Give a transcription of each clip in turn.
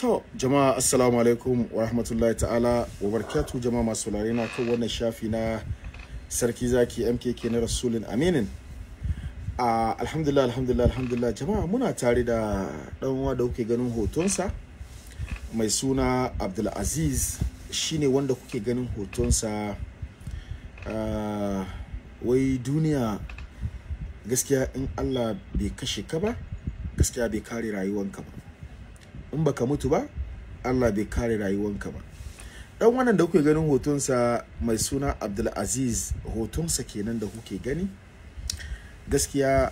To, jama'a assalamu alaikum wa rahmatullahi ta'ala wa barakatu jama'a masu saurare na kan wannan shafi na sarki zaki MKK na rasulin Aminin. a alhamdulillah alhamdulillah alhamdulillah jama'a muna tare da dan uwa da kuke ganin hotonsa mai suna Abdulaziz shine wanda kuke ganin hotonsa wai duniya gaskiya in Allah bai kashe ka ba gaskiya bai kare rayuwanka ba in baka mutu ba Allah bai kare rayuwanka ba dan wannan da kuke ganin hotonsa mai suna Abdulaziz hotonsa kenan da kuke gani gaskiya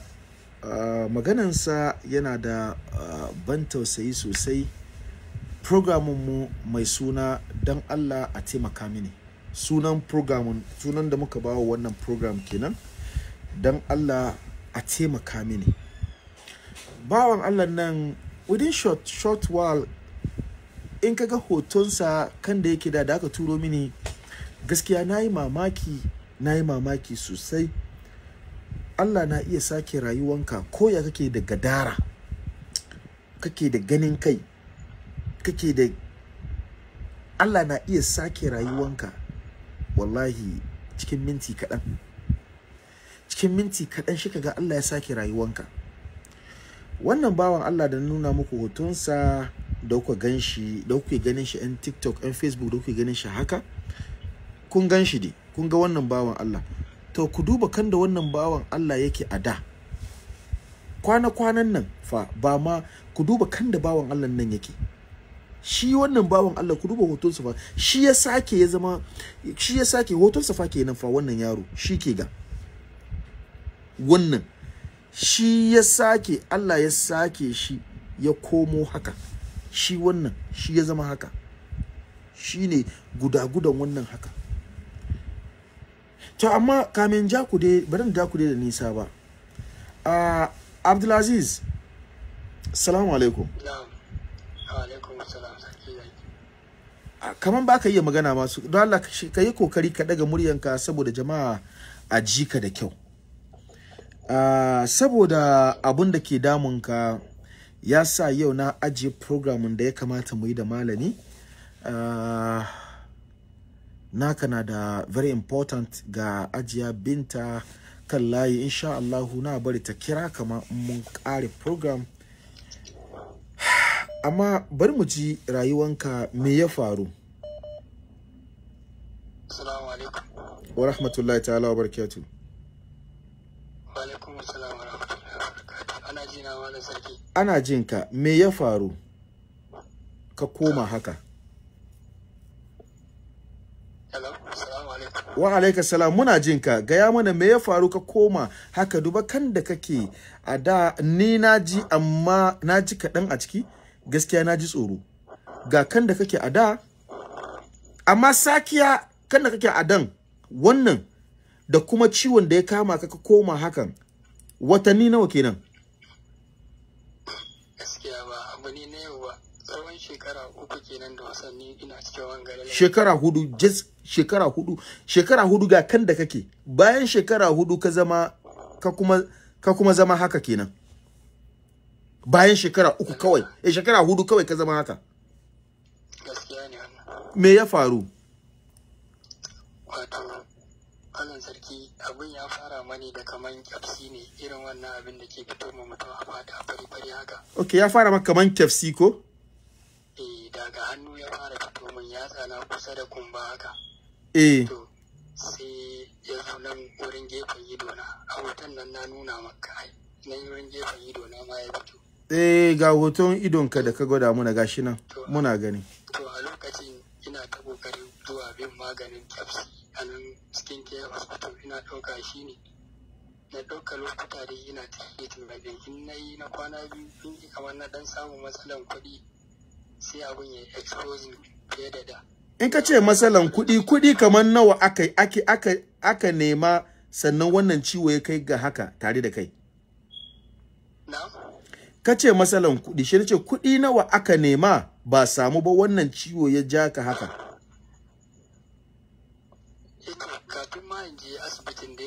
uh, maganansa yana da uh, ban tausayi sosai mu mai suna dan Allah a taimaka mini sunan programun sunan da muka bawa wannan program kenan dan Allah a taimaka mini bawan Allah nan within short short while in kaga hotonsa kan da yake da da aka turo mini gaskiya na yi mamaki na yi mamaki sosai allah na iya sake rayuwanka ko ya kake da gadara kake da ganin kai kake da allah na iya sake rayuwanka wallahi cikin minti kaɗan cikin minti kaɗan shi kaga allah ya sake rayuwanka wannan bawan Allah da nuna muku hotonsa da kuka gan shi da kuke ganin shi yan tiktok yan facebook da kuke ganin shi haka kun gan shi ne kun ga wannan bawan Allah to ku duba kan da wannan bawan Allah yake a da kwana-kwanan nan fa ba ma ku duba kan da bawan Allah nan yake shi wannan bawan Allah ku duba hotonsa fa shi ya sake ya zama shi ya sake hotonsa fa kenan fa wannan yaro shi ke ga wannan shi ya sake Allah ya sake shi ya komo haka shi wannan shi ya zama haka shi ne guda-gudan wannan haka to amma kamin ja ku dai barin ja ku dai da nisa ba uh, abdulaziz salamu alaikum kaman ba ka iya magana masu don Allah ka yi kokari ka daga muryanka saboda jama'a a ji ka da kyau Ah, saboda abun da ke damunka ya sa yau na ajiye programin da ya kamata mu yi da malami ah, naka na da very important ga ajiya binta kan layi insha Allahu na bari ta kira kama mun kare program amma bari mu ji rayuwanka me ya faru Assalamu alaikum wa rahmatullahi ta'ala wa barakatuh ana jin ka me ya faru ka koma haka wa alaika salam muna jin ka gaya mana me ya faru ka koma haka duba kan da kake a da ni na ji amma na ji kaɗan a ciki gaskiya na ji tsoro ga kan da kake a da amma sakiya kan da kake a dan wannan da kuma ciwon da ya kama ka koma hakan watanni nawa kenan abu ne na yau tsawon shekara uku kenan da wasanni ina cikin wangare shekara hudu just shekara hudu shekara hudu ga kan da kake bayan shekara hudu ka zama ka kuma ka kuma zama haka kenan bayan shekara uku kawai eh shekara hudu kawai ka zama haka gaskiya ne wannan me ya faru wato abin ya fara mani da kaman kyafsi ne irin wannan abin da ke fito ma mutum a fata fari fari haka ok ya fara maka kaman kyafsi ko eh daga hannu ya fara fito min ya tsana kusa da kumba haka eh to sai ya zo nan wurin gefen idona a hoton nan na nuna maka ai nan wurin gefen idona ma ya fito eh ga hoton idonka da ka gwada muna gashi nan muna gani to a lokacin ina ta kokarin zuwa bin maganin kyafsi a nan cikin ke hospital ina ɗauka shi ne na ɗauka lokuta da yana treatment da in na yi na kwana biyu in ji kamar na ɗan samun matsalan kuɗi sai abin ya exposing fiye da da. In ka ce matsalan kuɗi kuɗi kamar nawa aka aka aka aka nema sannan wannan ciwo ya kai ga haka tare da kai. Ka ce matsalan kuɗi shi ce kuɗi nawa aka nema ba samu ba wannan ciwo ya ja ka haka. A'a kafin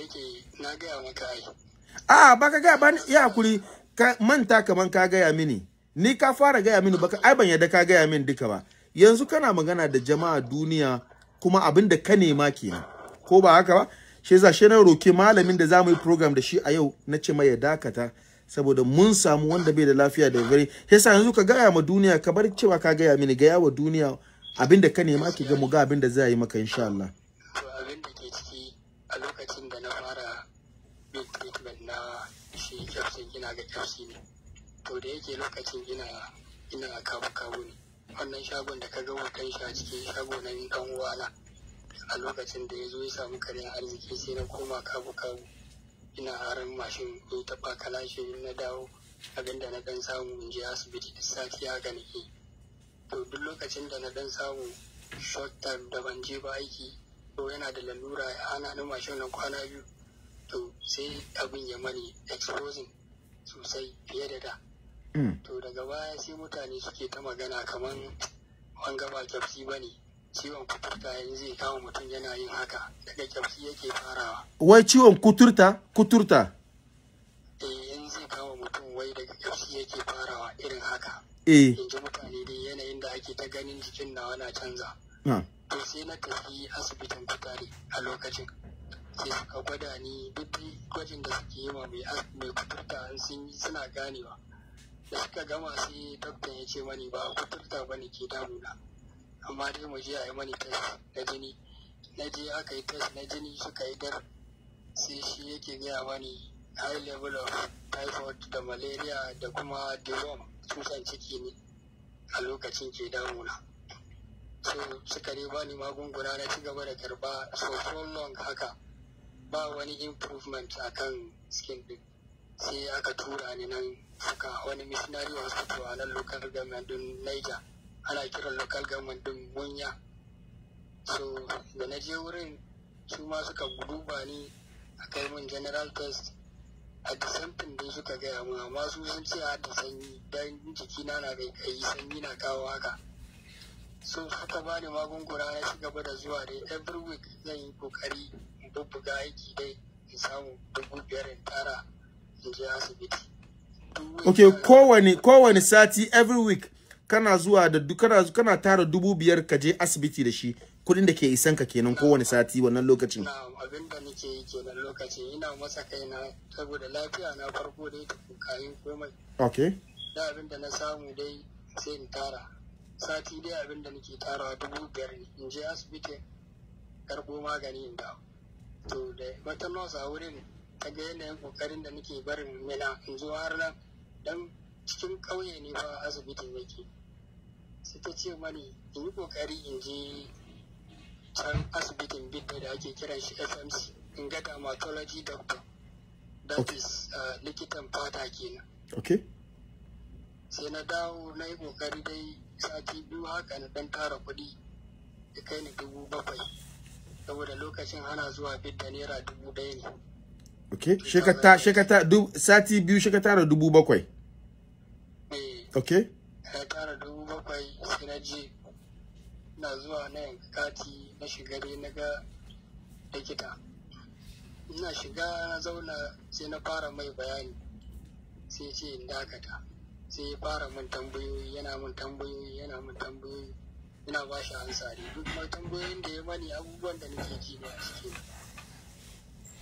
a ba ka gaya ba ya hakuri ka manta kaman ka gaya mini ni ka fara gaya mini baka ai ban yadda ka gaya mini duka ba yanzu kana magana da jama'a duniya kuma abin da ka nema kenan ko ba haka ba shi za shi na roke malamin da zamu yi program da shi a yau na ce mai ya dakata saboda mun samu wanda bai da lafiya da gari shi yasa yanzu ka gaya ma duniya ka bar cewa ka gaya mini gaya wa duniya abin da ka nema ki ga mu ga abin da za yi maka insha Allah a lokacin da na fara yin treatment na shi kyafsin gina ga kyafsi ne to da yake lokacin ina ina kabu kabu ne wannan shagon da ka ga hoton shi a cikin shago na yin dan uwana a lokacin da ya zo ya samu karyar arziki sai na koma kabu kabu ina haran mashin in taɓa kalashi na dawo abin da na dan samu in je asibiti da safiya ga nake to duk lokacin da na dan samu short time da ban je ba aiki to yana da lalura ya hana ni mashin kwana biyu to sai abin ya mani exposing sosai fiye da da mm. to daga baya sai mutane suke ta magana kamar wanga ba kyafsi ba ne ciwon kuturta yanzu zai kama mutum yana yin haka daga kyafsi yake farawa wai ciwon kuturta kuturta eh yanzu zai kama mutum wai daga kyafsi yake farawa irin haka eh yanzu mutane dai yanayin da ake ta ganin jikin nawa na canza ah. to sai na tafi asibitin kutare a lokacin sai suka gwada ni duk gwajin da suke yi wa mai kuturta suna ganewa da suka gama sai doktan ya ce mani ba kuturta ba ne ke damuna amma dai mu je a yi mani test na jini na je aka yi test na jini suka yi dar sai shi yake gaya mani high level of typhoid da malaria da kuma deworm tsutsan ciki ne a lokacin ke damuna so suka dai bani magunguna na cigaba da karba so so long haka ba wani improvement a kan skin din sai aka tura ni nan suka wani missionary hospital a nan local government din Niger ana kiran local government din Munya so da na je wurin su ma suka duba ni a kai min general test a da samfin din suka gaya mu amma su sun ce a da sanyi dan jikina na kai sanyi na kawo haka so suka ba ni magunguna na ci gaba da zuwa dai every week zan yi kokari in bubbuga aiki dai in samu dubu biyar in tara in je asibiti ok kowane kowane sati every week kana zuwa da kana kana tara dubu biyar ka je asibiti da shi kudin da ke isan ka kenan kowane sati wannan lokacin abin da nake yi kenan lokacin ina masa kaina saboda lafiya na farko dai ta kayan komai Ok. da abin da na samu dai sai in tara sati dai abin da nake tarawa dubu biyar in je asibiti karɓo magani in dawo to da wata nurse a wurin ta ga yanayin kokarin da nake barin mina in zo har nan dan cikin ƙauye ne ba asibitin yake sai ta ce mani in yi kokari in je can asibitin bidda da ake kiran shi fmc in ga dermatology doctor that is uh, likitan fata kenan okay. sai na dawo na yi kokari dai sati biyu haka na dan tara kuɗi ya kai ni dubu bakwai saboda lokacin ana zuwa bidda naira dubu ɗaya ne ok shekata shekata sati biyu shekata tara dubu bakwai eh. ok na tara dubu bakwai sai na je na zuwa na yanka kati na shiga dai na ga likita ina shiga na zauna sai na fara mai bayani sai ce in dakata sai ya fara min tambayoyi yana min tambayoyi yana min tambayoyi ina ba shi hansari duk mai tambayoyin da ya mani abubuwan da nake ji ne a ciki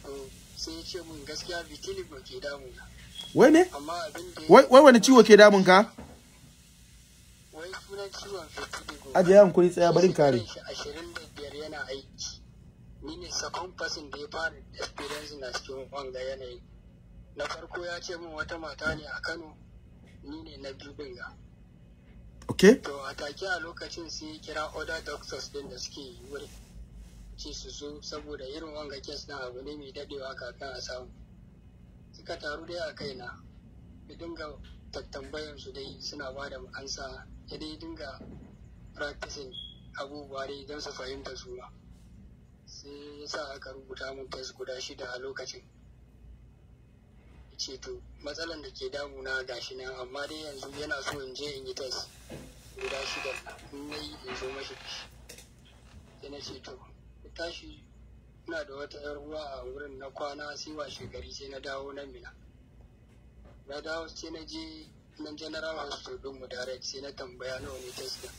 to sai ya ce min gaskiya vitiligo ba ke damuna wai ne wai wani ciwo ke damun ka wai sunan ciwon vitiligo a yan kuri tsaya barin kare 25 yana aiki ni ne second person da ya fara experience na cikin wanga yanayi na farko ya ce min wata mata ne a Kano ni ne na biyu to a take a lokacin sai kira other doctors din da suke wuri ce su zo saboda irin wanga kes na abu ne mai dadewa kafin a samu suka taru dai a kaina su dinga tattambayan su dai suna ba da ansa ya dai dinga practicing abubuwa dai don su fahimta su sai ya sa aka rubuta mun test guda shida a lokacin ce to da ke damuna shi nan amma dai yanzu yana so in je in yi test guda shida in yi in zo mashi sai na ce to tashi ina da wata yar uwa a wurin na kwana sai washe gari sai na dawo na mina na dawo sai na je nan general hospital din mu direct sai na tambaya nawa ne test din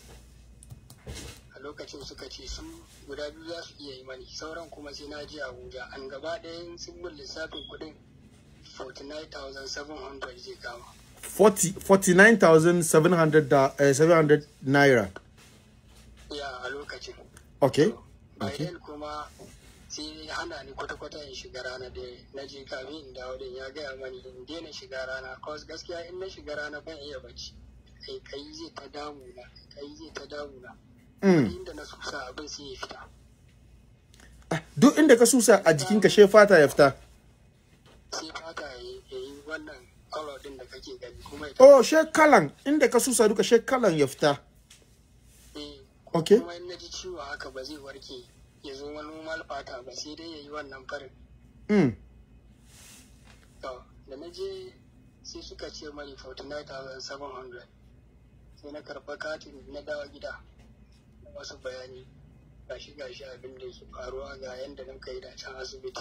a lokacin suka ce su guda biyu za su iya yi mani sauran kuma sai na je abuja an gaba ɗayan sun lissafin kuɗin 49,700 zai kama 49,700 eh, naira ya a lokacin Okay. bayan kuma sai hana ni kwata-kwata in shiga rana da na je kamin in dawo din ya gaya mani in daina shiga rana cause gaskiya in na shiga rana ban iya bacci kai eh, kai zai ta damu na, kai zai ta damu na. damuna mm. inda na susa abin sai ya fita ah, duk inda ka susa a jikinka she fata ya fita sai fata ya yi wannan color ɗin da kake gani kuma inda ka susa duka shekalan ya fita okay kuma in naji ciwo haka ba zai warke ya zo wani normal fata ba sai dai ya yi wannan farin mm to da naje sai suka ce mani 49,700 sai na karɓa katin na dawa gida wasu bayani gashi gashi abin da ke faruwa ga yadda na kai da can asibiti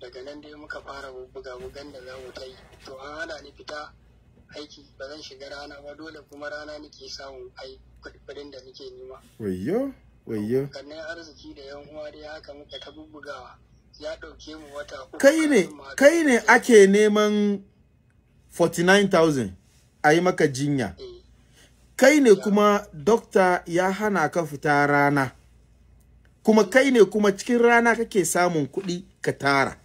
daga nan dai muka fara buga bugan da za mu ta yi to an hana ni fita aiki ba zan shiga rana ba dole kuma rana nake samun ai kudin da nake nema wayyo wayyo kanne arziki da yan uwa dai haka muka ta bubbugawa ya dauke mu wata uku kai ne kai ne ake neman 49000 a yi maka jinya eh. kai ne kuma dokta ya hana ka fita rana kuma eh. kai ne kuma cikin rana kake samun kuɗi ka tara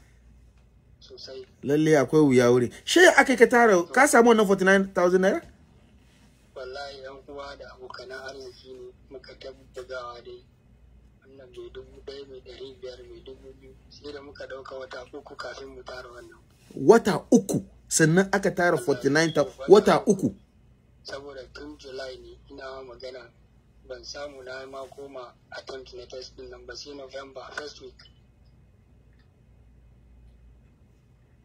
lalle akwai wuya wuri she aka ka tara ka samu wannan 49000 naira wallahi yan uwa da abokan arziki ne muka tabbugawa dai wannan mai dubu ɗaya mai ɗari biyar mai dubu biyu sai da muka ɗauka wata uku kafin mu tara wannan wata uku sannan aka tara 49000 wata uku saboda tun july ne ina magana ban samu na ma koma attempt na test din nan ba sai november first week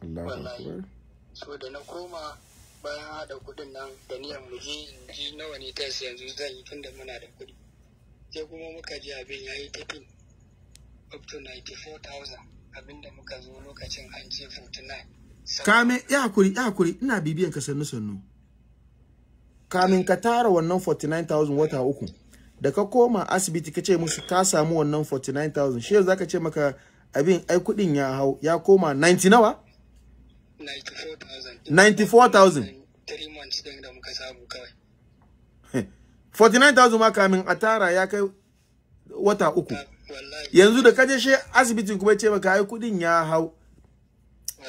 Allahu akbar so da na koma bayan haɗa kuɗin nan da niyan mu je in ji nawa ne tas yanzu zan yi tunda muna da kuɗi sai kuma muka ji abin yayi tafi up to 94,000 abinda muka zo lokacin an ce 49 kame ya hakuri ya hakuri ina bibiyan ka sannu sannu kamin ka tara wannan 49,000 wata uku da ka koma asibiti ka ce musu ka samu wannan 49,000 shi yanzu za ka ce maka abin ai kuɗin ya hau ya koma 90 nawa 49,000 ma kamin a tara ya kai wata uku ah, yanzu da kaje she asibitin kuma ce maka ai kudin ya hau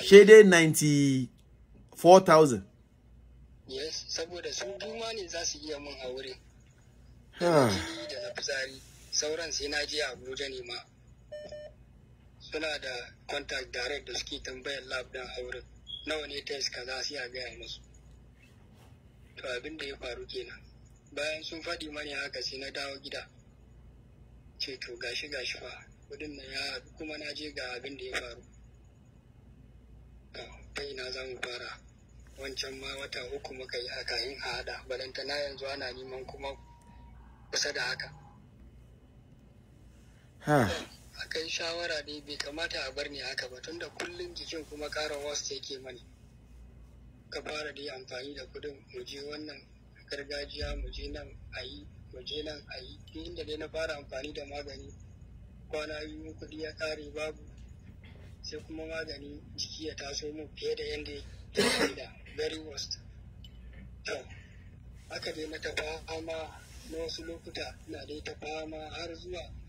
she dai 94,000 yes saboda su duma ne za su iya mun aure ah. da fitsari sauran sai na je abuja ne ma suna da contact direct da suke tambayar lab din auren nawa ne test kaza sai a gaya musu to abin da ya faru kenan bayan sun faɗi mani haka sai na dawo gida ce to gashi gashi fa kudin nan ya kuma na je ga abin da ya faru to ta ina za fara wancan ma wata uku muka yi haka yin hada balanta na yanzu ana neman kuma kusa da haka a kai shawara ne bai kamata a bar ni haka ba tunda kullum jikin kuma ƙara wasu yake mani ka fara da amfani da kudin mu je wannan gargajiya mu je nan a yi mu nan a yi da dai na fara amfani da magani kwana biyu kuɗi ya ƙare babu sai kuma magani jiki ya taso mu fiye da yadda ya da very worst to haka dai na ta hama na wasu lokuta na dai ta har zuwa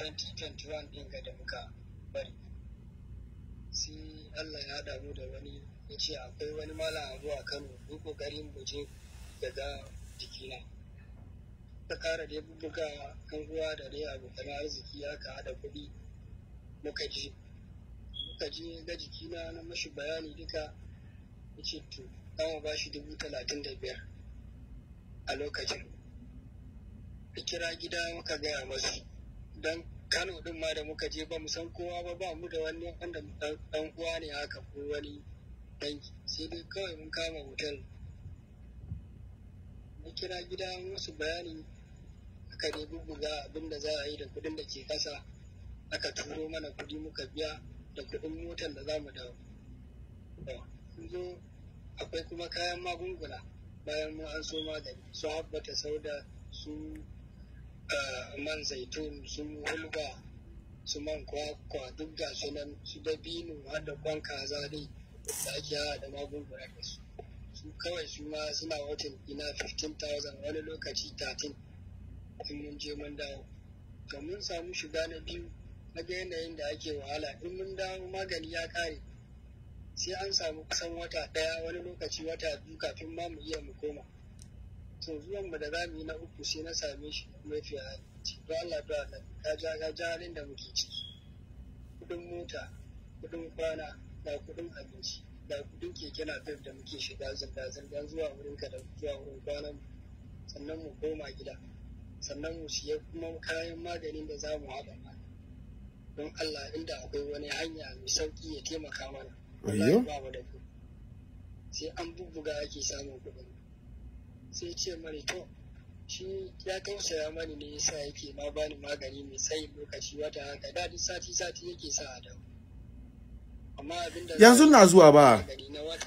2021 ɗin ga da muka bari sai allah ya damu da wani ya ce akwai wani malam abu a kano yi ƙoƙarin mu je daga jikina ta kara dai bubuga kan ruwa da dai abokan arziki ka haɗa kuɗi muka je muka je ga jikina na mashi bayani duka ya ce to kama ba shi dubu talatin da biyar a lokacin ka kira gida muka gaya masu dan kano din ma da muka je ba mu san kowa ba ba mu da wani wanda dan uwa ne haka ko wani danki sai dai kawai mun kama hotel mun kira gida musu bayani aka ne bubuga abin za a yi da kudin da ke kasa aka turo mana kudi muka biya da kudin motar da za mu dawo zo akwai kuma kayan magunguna bayan mu an so magani su habbata sauda su man zaitun su hulba su man kwakwa duk ga su nan su dabino har da kwan kaza dai da ake yawa da magunguna da su su kawai su ma suna watan ina 15,000 wani lokaci 13 in mun je mun dawo to mun samu shiga na biyu na ga yanayin da ake wahala in mun dawo magani ya kare sai an samu kusan wata ɗaya wani lokaci wata biyu kafin ma mu iya mu koma to zuwan mu da za mu yi na uku sai na same shi kuma ya fi hali Allah to Allah ka ja ka ja halin da muke ciki kudin mota kudin kwana da kudin abinci da kudin keke na fef da muke shiga zirga zirga zuwa wurin ka da zuwa wurin kwanan sannan mu koma gida sannan mu siya kuma kayan maganin da za mu haɗa don Allah inda akwai wani hanya mai sauki ya taimaka mana. Ayyo? Sai an bubbuga ake samun kuɗin. sai ce mani to shi ya tausaya mani ne yasa yake ma bani magani mai tsayi lokaci wata haka da duk sati sati yake sa a dawo yanzu na zuwa ba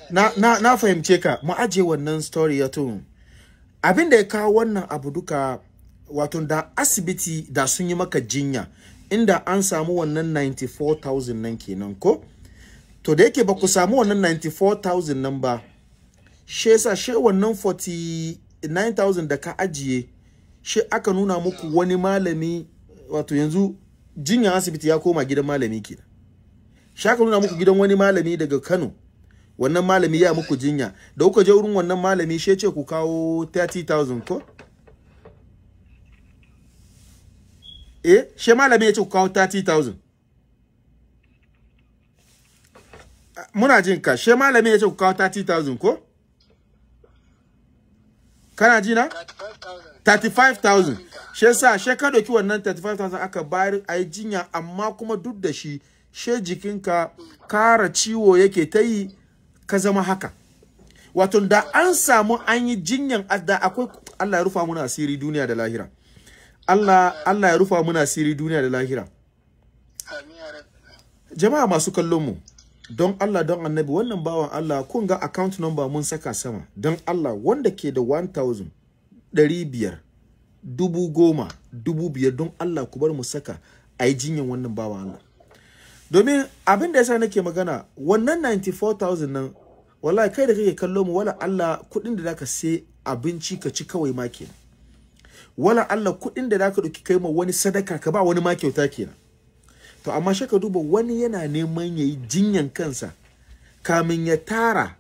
na, na, na fahimce ka mu aje wannan story ya tun abin da ya kawo wannan abu duka wato da asibiti da sun yi maka jinya inda an samu wannan 94,000 nan kenan ko to da yake ba ku samu wannan 94,000 nan ba shi yasa she wannan 49000 da ka ajiye shi aka nuna muku wani malami wato yanzu jinyar asibiti ya koma gidan malami ke shi aka nuna muku gidan wani malami daga Kano wannan malami ya muku jinya da kuka je wurin wannan malami shi ce ku kawo 30000 ko eh shi malami ya ce ku kawo 30000 muna jin ka she malami ya ce ku kawo 30000 ko kana ji na 35000 shi sa she ka doki wannan 35000 aka bayar a yi jinya amma kuma duk da shi she jikinka kara ciwo yake ta yi ka zama haka wato da an samu an yi jinyan da akwai Allah ya rufa muna asiri duniya da lahira Allah Allah ya rufa muna asiri duniya da lahira jama'a masu kallon mu don Allah don annabi wannan bawan Allah kun ga account number mun saka sama don Allah wanda ke da 1000 dubu goma dubu biyar don Allah ku bar mu saka a yi jinyan wannan bawan Allah domin abin da yasa nake magana wannan 94,000 nan wallahi kai da kake kallo mu wala Allah kudin da zaka sai abinci ka ci kawai ma kenan wala Allah kudin da zaka dauki kai ma wani sadaka ka ba wani ma kyauta kenan to amma shaka duba wani yana neman ya yi jinyan kansa kamin ya tara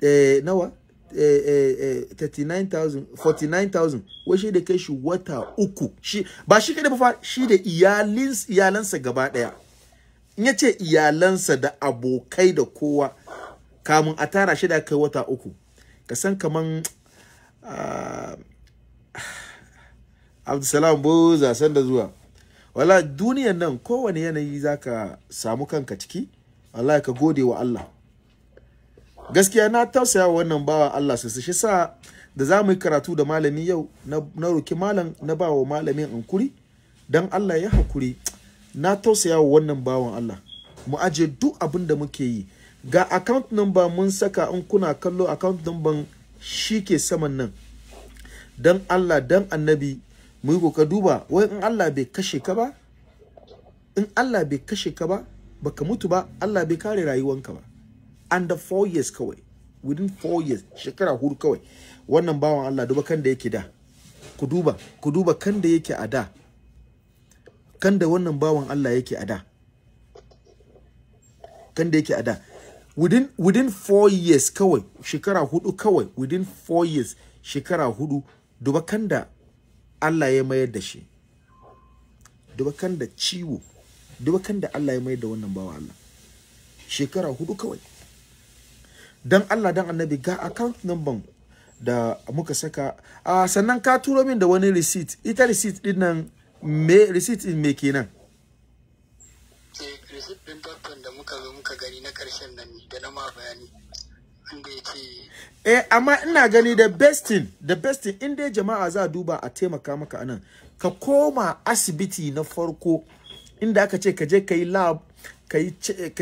eh, nawa eh, eh, 39,000 49,000 washe da kai shi wata uku shi ba shi kada ba shi da iyalansa gaba daya in ya ce iyalansa da abokai da kowa kamin a tara shi da kai wata uku ka san kaman uh, abdulsalam boza san da zuwa wala duniyan nan kowane yanayi zaka samu kanka ciki wallahi ka gode wa Allah gaskiya na tausaya wa wannan bawa Allah su shi sa da za mu yi karatu da malami yau na roki malam na ba wa malamin ankuri dan Allah ya hakuri na tausaya wa wannan bawan Allah mu aje duk abin da muke yi ga account number mun saka in kuna kallo account number shi ke saman nan dan Allah dan annabi mu yi ka duba wai in Allah bai kashe ka ba in Allah bai kashe ka ba baka mutu ba Allah bai kare rayuwanka ba under four years kawai within four years shekara hudu kawai wannan bawan Allah duba kan da yake da ku duba ku duba kan da yake a da kan da wannan bawan Allah yake a da kan da yake a da within within four years kawai shekara hudu kawai within four years shekara hudu duba kan da Allah ya mayar da shi dubakan da ciwo dubakan da Allah ya mayar da wannan bawa Allah shekara hudu kawai dan Allah dan annabi ga account number da muka saka a sannan ka turo min da wani receipt ita receipt din nan me receipt din me kenan eh, receipt din da muka zo muka gani na karshen nan da na ma bayani eh amma ina gani the best thing the best thing in dai jama'a za duba a taimaka maka anan ka koma asibiti na farko inda aka ce ka je ka yi lab ka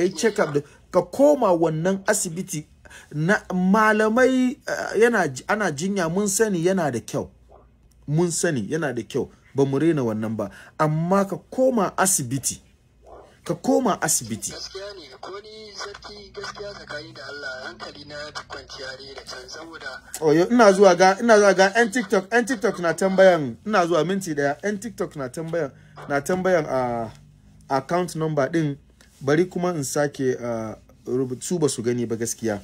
yi check up ka koma wannan asibiti na malamai eh, yana ana jinya mun sani yana da kyau mun sani yana da kyau ba mu rena wannan ba amma ka koma asibiti ka koma asibiti na da can saboda oyo ina zuwa ga ina zuwa ga yan TikTok yan TikTok na tambayan ina zuwa minti daya yan TikTok na tambayan na tambayan a account number din bari kuma in sake rubutu ba su gani ba gaskiya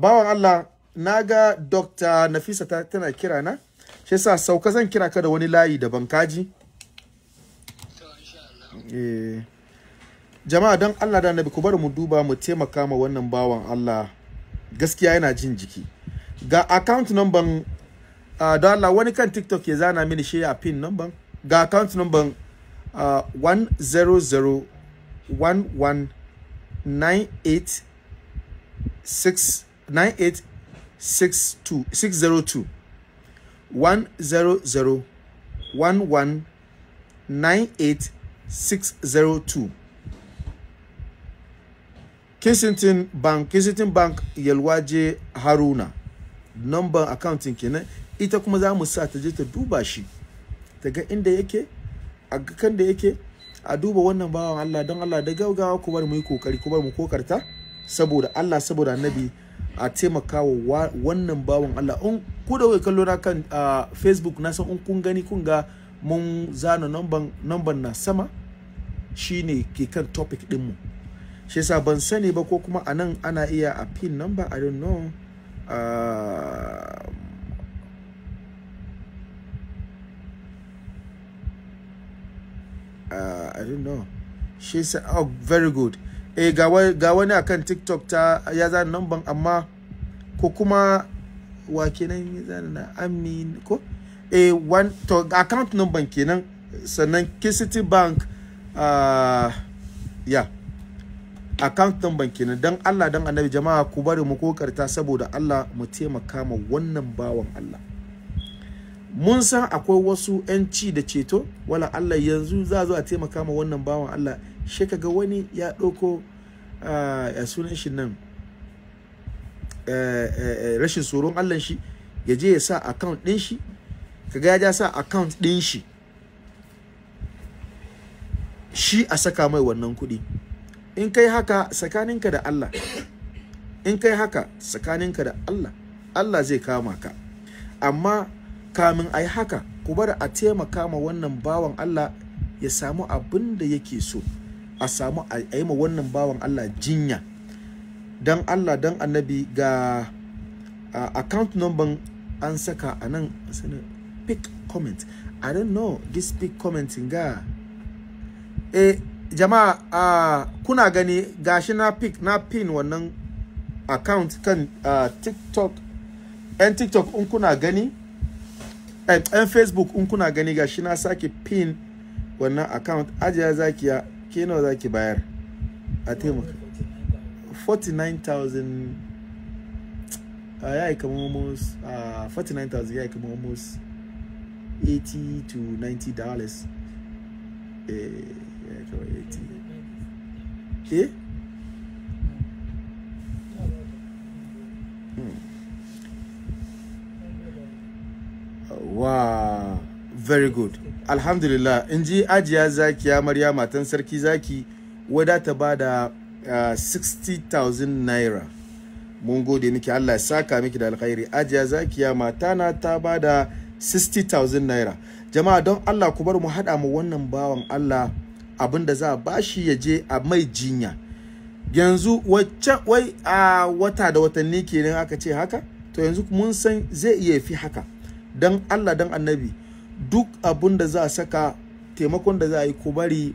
bawan Allah na ga Dr. Nafisa tana kira na shi sa sauka zan kira ka da wani layi daban kaji Eh, jama'a don Allah da bi ku bar mu duba mu taimaka ma wannan bawan Allah gaskiya yana jin jiki ga account number don Allah wani kan TikTok ya zana mini shi a pin number ga account number 602 Kensington Bank Kensington Bank Yalwaje Haruna number accounting kenan ita kuma za mu sa ta je ta duba shi ta ga inda yake a kan da yake a duba wannan bawan Allah don Allah da gaugawa ku bar mu yi kokari ku bar mu kokarta saboda Allah saboda Annabi a taimaka wa wannan bawan Allah in ku da kai kallo na kan ah, Facebook na san in kun gani kun ga mun zana number na sama shine ke kan topic dinmu shi yasa ban sani ba ko kuma anan ana iya a pin number i don't know uh, uh, i don't know She said, oh very good eh ga wani akan tiktok ta ya zana number amma ko kuma wa kenan ya na amin ko a one to account number kenan sannan kcity bank uh, yeah account number kenan dan Allah dan annabi jama'a ku bari mu kokarta saboda Allah mu taimaka ma wannan bawan Allah mun san akwai wasu 'yanci da ceto wala Allah yanzu za zo a taimaka ma wannan bawan Allah shi kaga wani ya ɗauko uh, sunan shi nan eh, eh, eh, rashin tsoron Allah shi ya je ya sa account ɗin shi kaga ya sa account ɗin shi shi a saka mai wannan kuɗi in kai haka tsakaninka da Allah in kai haka tsakaninka da Allah Allah zai kama ka amma kamin a yi haka ku bari a taimaka ma wannan bawan Allah ya samu abin da yake so a samu a yi ma wannan bawan Allah jinya don Allah don annabi ga account number an saka a nan pick comment i don't know this pick commenting ga eh jama'a uh, kuna gani gashi na pick na pin wannan account kan uh, tiktok yan tiktok un kuna gani yan facebook un kuna gani gashi na saki pin wannan account ajiya zakiya ke nawa zaki bayar a taimaka 49,000 uh, ya yi kamar almost uh, 49,000 ya yi kamar almost 80 to 90 dollars eh 80 eh hmm. wow very good alhamdulillah in ji ajiya zakiya marya matan sarki zaki wadata ta ba da uh, ah, 60,000 naira mun gode miki allah ya saka miki da alkhairi ajiya zakiya matana ta ba da 60,000 naira jama'a don Allah ku bar mu haɗa mu wannan bawan Allah abin za a bashi ya je a mai jinya yanzu wacce wai a wata da watanni kenan aka ce haka to yanzu mun san zai iya fi haka don Allah don annabi duk abin za a saka taimakon da za a yi ku bari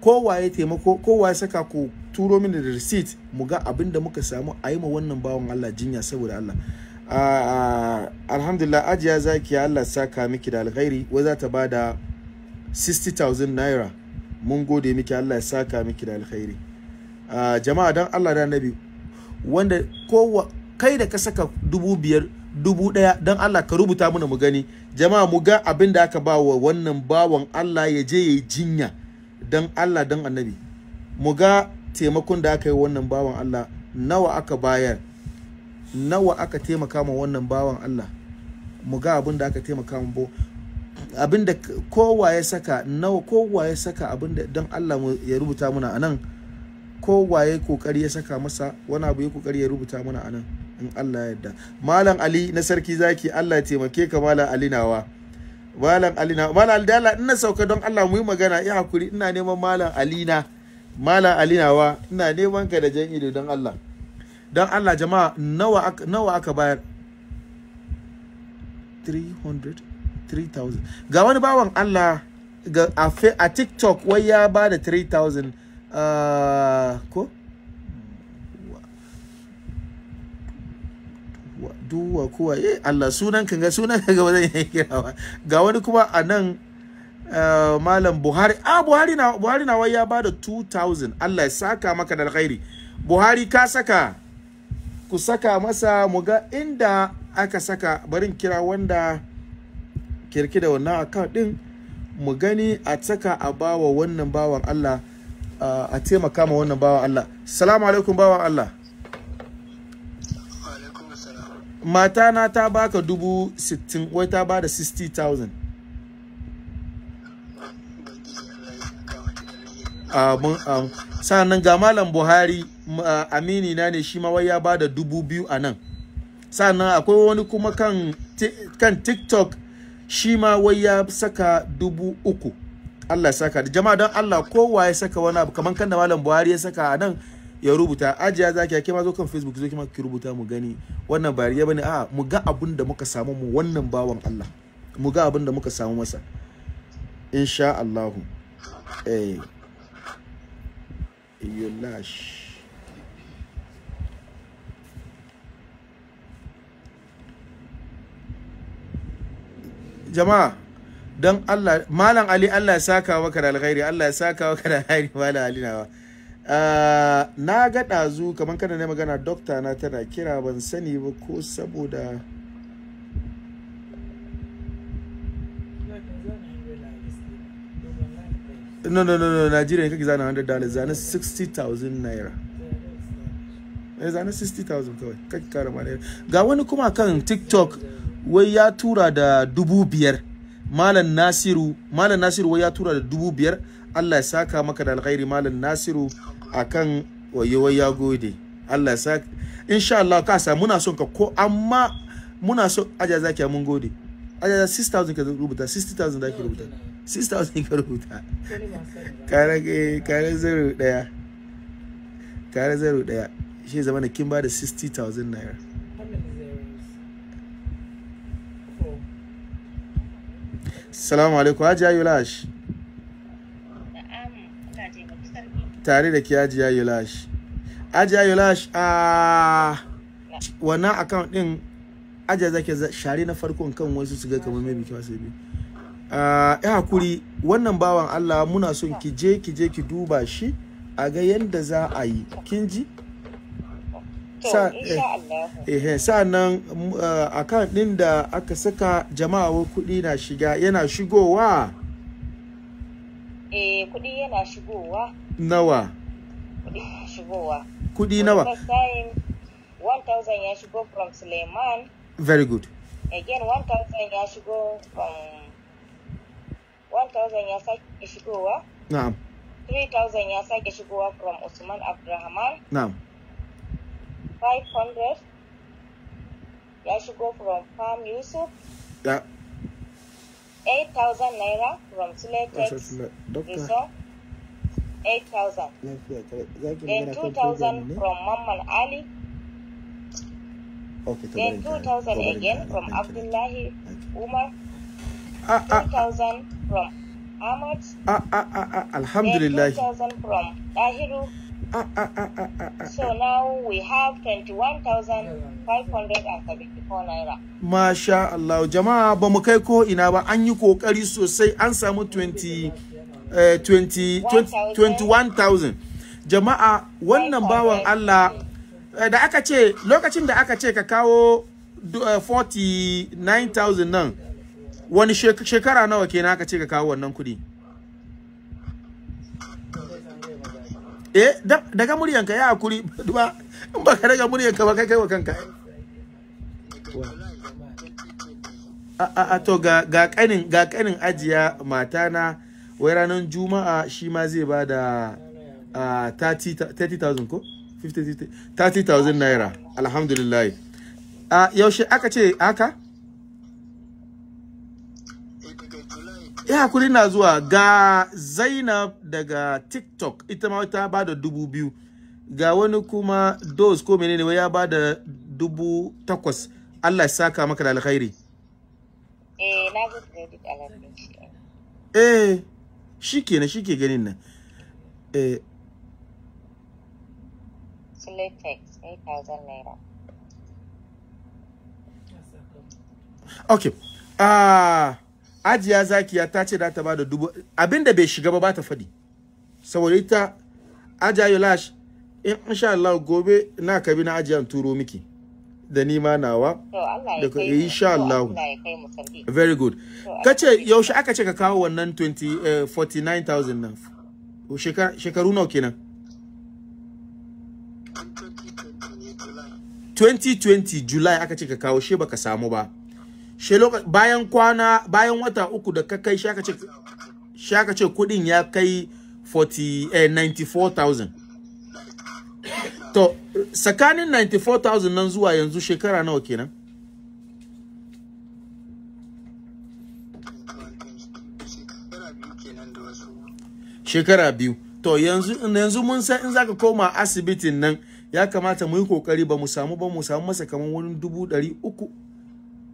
kowaye taimako kowaye saka ku turo mini da receipt mu ga abin da muka samu a yi ma wannan bawan Allah jinya saboda Allah alhamdulillah ajiya zaki Allah saka miki da alkhairi wai za ta bada 60,000 naira mun gode miki Allah ya saka miki da alkhairi jama'a don Allah da nabi wanda kowa kai da ka saka dubu biyar dubu daya don Allah ka rubuta mana mu gani jama'a mu ga abin da aka ba wa wannan bawan Allah ya je ya yi jinya don Allah don annabi mu ga taimakon da aka yi wannan bawan Allah nawa aka bayar nawa aka taimaka ma wannan bawan Allah mu ga abin da aka taimaka mu abin da kowa ya saka nawa kowa ya saka abin da don Allah ya rubuta muna anan kowa ya kokari ya saka masa wani abu ya kokari ya rubuta muna anan in Allah ya yarda malam Ali na sarki zaki Allah ya taimake ka malam Ali nawa malam Ali na malam Ali dala ina sauka don Allah mu yi magana ya hakuri ina neman malam Ali na malam Ali nawa ina neman ka da jan ido don Allah don Allah jama'a nawa nawa aka bayar 300 3000 ga wani bawan Allah ga a, a TikTok wai ya ba da 3000 uh, ko duwa kuwa eh Allah sunan kan ga sunan ka ga ba zan yi kirawa ga wani kuma a nan uh, malam Buhari ah Buhari na Buhari na wai ya bada 2000 Allah ya saka maka da alkhairi Buhari ka saka ku saka masa mu ga inda aka saka barin kira wanda kirki da wannan account din mu gani a saka a bawa wannan bawan Allah a taimaka ma wannan bawan Allah salamu alaikum bawan Allah mata na ta baka dubu sittin wai ta bada 60,000 amin amin sa'annan ga malam buhari amini na ne shi ya wai ya bada dubu biyu a nan sannan akwai wani kuma kan, tiktok shi wai ya saka dubu uku Allah ya saka jama'a don Allah kowa ya saka wani abu kamar kan da malam Buhari ya saka a nan ya rubuta ajiya zaki ya kima zo kan Facebook zo kima ki rubuta mu gani wannan bari ya bane a mu ga abin da muka samu mu wannan bawan Allah mu ga abin da muka samu masa insha Allah eh yulash jama'a don Allah malam Ali Allah ya saka maka da alkhairi Allah ya saka maka da alkhairi malam Ali nawa ah, na ga dazu kaman kana ne magana dokta na tana kira ban sani ba ko saboda no no no no Najeriya kake zana 100 dollars zana 60000 naira eh zana 60000 kawai kake kara ma naira ga wani kuma kan TikTok wai ya tura da dubu biyar malam nasiru malam nasiru wai ya tura da dubu biyar allah ya saka maka da alkhairi malam nasiru akan waye wai ya gode allah ya saka insha allah ka sa muna son ka ko amma muna so aja zaki mun gode aja 6000 ka rubuta 60000 da ki rubuta 6000 ka rubuta kare kare zero daya kare zero daya shi zama kin ba da 60000 naira Salamu alaikum, Hajiya Yulash. Tare da ke Hajiya Yulash. Hajiya Yulash a ah, wannan account din ajiye zake share na farkon kan wasu su ga kamar mai biki wasu bi. Eh hakuri wannan bawan Allah muna son ki je ki je ki duba shi a ga yadda za a yi. Kin ji? sa eh, eh, eh, nan mm, uh, akan ɗin da aka saka jama'a kuɗi na shiga yana shigowa eh kuɗi yana shigowa nawa kuɗi shigowa kuɗi nawa 1000 ya shigo from Suleiman very good again 1000 ya shigo from 1000 ya sake shigowa na'am 3000 ya sake shigowa from Usman Abdulrahman na'am 500. I should go from Palm Yusuf. Yeah. 8,000 naira from Siletex. Doctor. 8,000. Then 2,000 from Mamman Ali. Okay, then 2,000 again from Abdullahi Umar. Ah, ah, 2,000 from Ahmad. Ah, ah, ah, ah, ah. Alhamdulillah. 2,000 from Tahiru. So now we have 21,574 naira. Masha Allah, jama'a ba mu kai ko ina ba an yi kokari sosai an samu 20 eh, 21,000. Jama'a wannan bawan Allah eh, da aka ce lokacin da aka ce ka kawo 49,000 eh, nan wani shekara nawa kenan aka ce ka kawo wannan kudi? eh daga muryanka ya hakuri duba in baka ka daga muryanka ba kai kai wa kanka a a to ga ga kanin ga kanin ajiya mata na wai ranan juma'a shi ma zai ba da 30,000 ko 50 30,000 naira alhamdulillah a yaushe aka ce aka ya kuri na zuwa ga zainab daga tiktok ita ma ta ba da dubu biyu ga wani kuma dos ko menene ya ba da dubu takwas allah saka maka da alkhairi eh na ga credit eh shi kenan shi ke ganin nan eh Latex, 8,000 naira. Okay. Ah. Uh, ajiya zakiya ta ce za ta ba da dubu abinda bai shiga ba ba ta faɗi saboda ita ajiya yulash in insha Allah gobe na kabi na ajiyan turo miki da nima nawa da ka yi insha Allah very good kace yaushe aka ce ka kawo wannan 20 49000 eh, nan shekaru nawa kenan 2020 July aka ce ka kawo shi baka samu ba she bayan kwana bayan wata uku da ka kai shaka ce shaka ce kudin ya kai 40 eh, 94000 to tsakanin 94000 nan zuwa yanzu shekara nawa kenan shekara biyu to yanzu yanzu mun san in zaka koma asibitin nan ya kamata mu yi kokari ba mu samu ba mu samu masa kaman wani dubu ɗari uku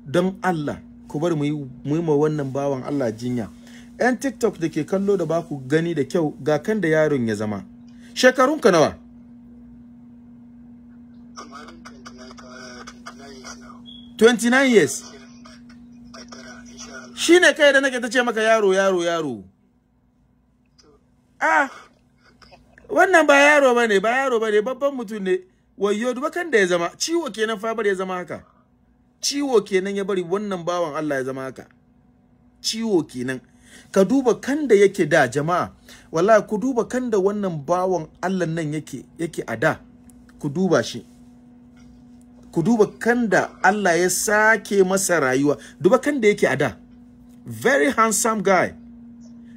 don Allah ku bar mu yi ma wannan bawan Allah jinya yan tiktok da ke kallo da baku gani da kyau ga kan da yaron ya zama shekarun ka nawa Twenty nine years. Shi ne kai da nake ta ce maka yaro yaro yaro. Ah, wannan ba yaro ba ne, ba yaro ba ne, babban mutum ne. wayo duba kan da ya zama, ciwo kenan fabar ya zama haka. ciwo kenan ya bari wannan bawan Allah ya zama haka ciwo kenan ka duba kan da yake da jama'a wallahi ku duba kan da wannan bawan Allah nan yake yake a da ku duba shi ku duba kan da Allah ya sake masa rayuwa duba kan da yake a da very handsome guy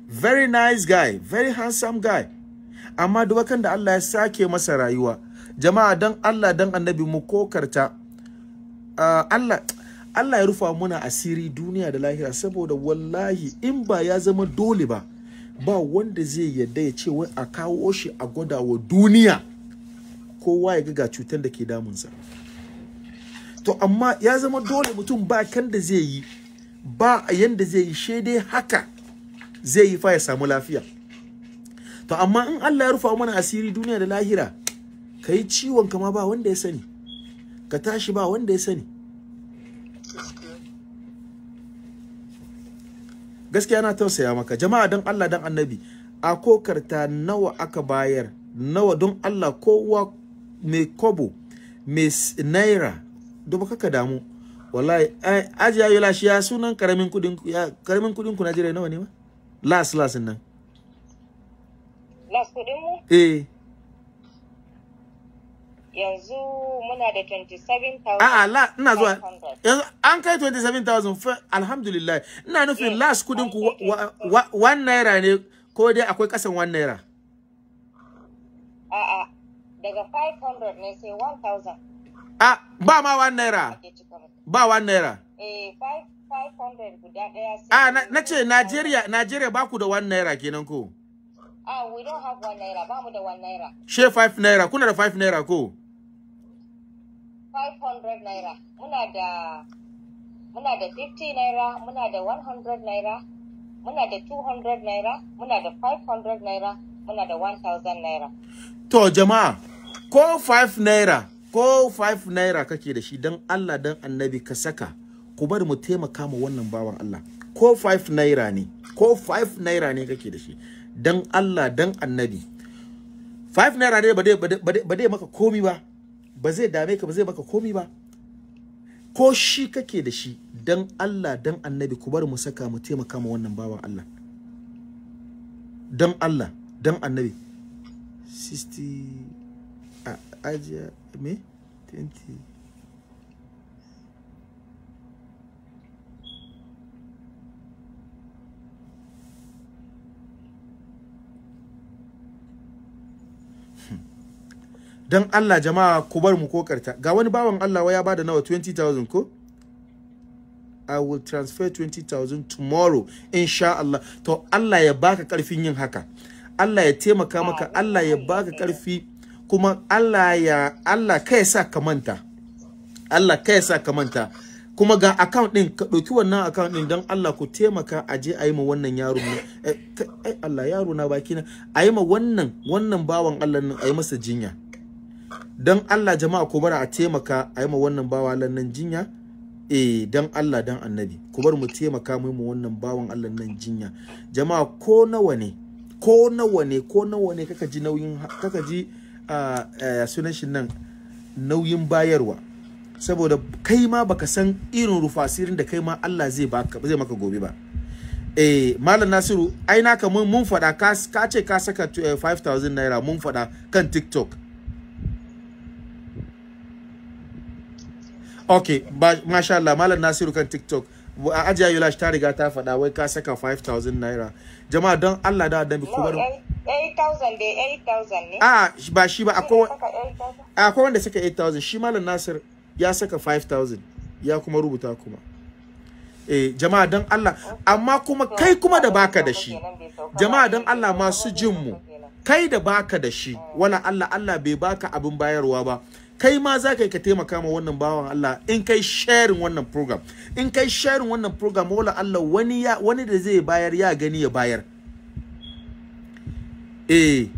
very nice guy very handsome guy amma duba kan da Allah ya sake masa rayuwa jama'a dan Allah dan annabi mu kokarta Ah, Allah Allah ya rufa mana asiri duniya da lahira saboda wallahi in ba ya zama dole ba ba wanda zai yadda ya ce wai a kawo shi a gwada wa duniya kowa ya ga cutar da ke damunsa to amma ya zama dole mutum ba kan da zai yi ba yanda zai yi dai haka zai yi fa ya samu lafiya to amma in Allah ya rufa mana asiri duniya da lahira kai ciwon kama ba wanda ya sani ka tashi ba wanda ya sani gaskiya na tausaya maka jama'a don Allah don annabi a kokarta nawa aka bayar nawa don Allah kowa mai kobo mai naira don baka kaka damu wallahi ajiya yola shi ya sunan karamin kudin ku na jirai Najeriya nawa ne ma las las nan las kudin mu eh yanzu muna da 27,000 a'a la ina zuwa yanzu an kai 27,000 alhamdulillah ina nufin last kudin ku one naira ne ko dai akwai kasan one naira a'a daga 500 ne sai 1,000 a ba ma one naira ba one naira eh 500 guda daya sai a na ce Najeriya Najeriya ba ku da one naira kenan ko Ah, we don't have one naira, ba mu da one naira. She five naira, kuna da five naira ko? 500 naira muna da muna da 50 naira muna da 100 naira muna da 200 naira muna da 500 naira muna da 1000 naira to jama'a ko 5 naira ko 5 naira kake da shi don Allah don annabi ka saka ku bari mu taimaka mu wannan bawan Allah ko 5 naira ne ko 5 naira ne kake da shi don Allah don annabi 5 naira ne ba dai maka komi ba ba zai dame ka ba zai baka komi ba ko shi kake da shi dan Allah dan annabi ku bar mu saka mu taimaka ma wannan bawan Allah dan Allah dan annabi 60 a ajiya me 20 dan Allah jama'a ku bar mu kokarta ga wani bawan Allah ya bada nawa 20000 ko I will transfer 20,000 tomorrow insha Allah to Allah ya baka karfin yin haka Allah ya taimaka maka Allah ya baka karfi kuma Allah ya Allah kai sa ka manta Allah kai sa ka manta kuma ga account din ka ɗauki wannan account din don Allah ku taimaka a je a yi ma wannan yaro ne eh, eh, Allah yaro na baki na a yi ma wannan wannan bawan Allah nan a yi masa jinya don Allah jama'a ko bara a taimaka a yi ma wannan bawa Allah nan jinya eh don Allah don annabi ku bar mu taimaka mu yi mu wannan bawan Allah nan jinya jama'a ko nawa ne ko nawa ne ko nawa ne kaka ji nauyin kaka ji sunan shi nan nauyin bayarwa saboda kai ma baka san irin rufasirin da kai ma Allah zai baka zai maka gobe ba eh malam Nasiru ai naka mun mun fada ka ce ka saka 5000 eh, naira mun fada kan TikTok ok masha Allah malam Nasiru kan TikTok a ajiya shi ta riga ta faɗa wai ka saka 5000 naira jama'a don Allah da Adam kuma bari 8000 ne 8000 ne a ba shi ba akwai akwai wanda saka 8000 shi malam Nasir ya saka 5000 ya kuma rubuta kuma eh jama'a don Allah amma kuma kai kuma da baka da shi jama'a don Allah masu jin mu kai da baka da shi wala Allah Allah bai baka abin bayarwa ba kai ma za ka yi ka taimaka ma wannan bawan Allah in kai sharing wannan program in kai sharing wannan program wala Allah wani ya wani da zai bayar ya gani ya bayar eh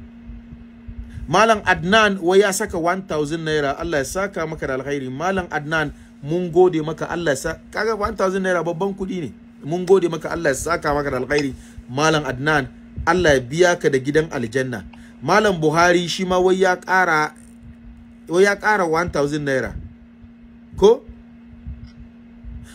Malam Adnan wai ya saka 1000 naira Allah ya saka maka da alkhairi Malam Adnan mun gode maka Allah ya saka kaga 1000 naira babban kudi ne mun gode maka Allah ya saka maka da alkhairi Malam Adnan Allah ya biya ka da gidan aljanna Malam Buhari shi ma wai ya ƙara wai ya ƙara 1000 naira ko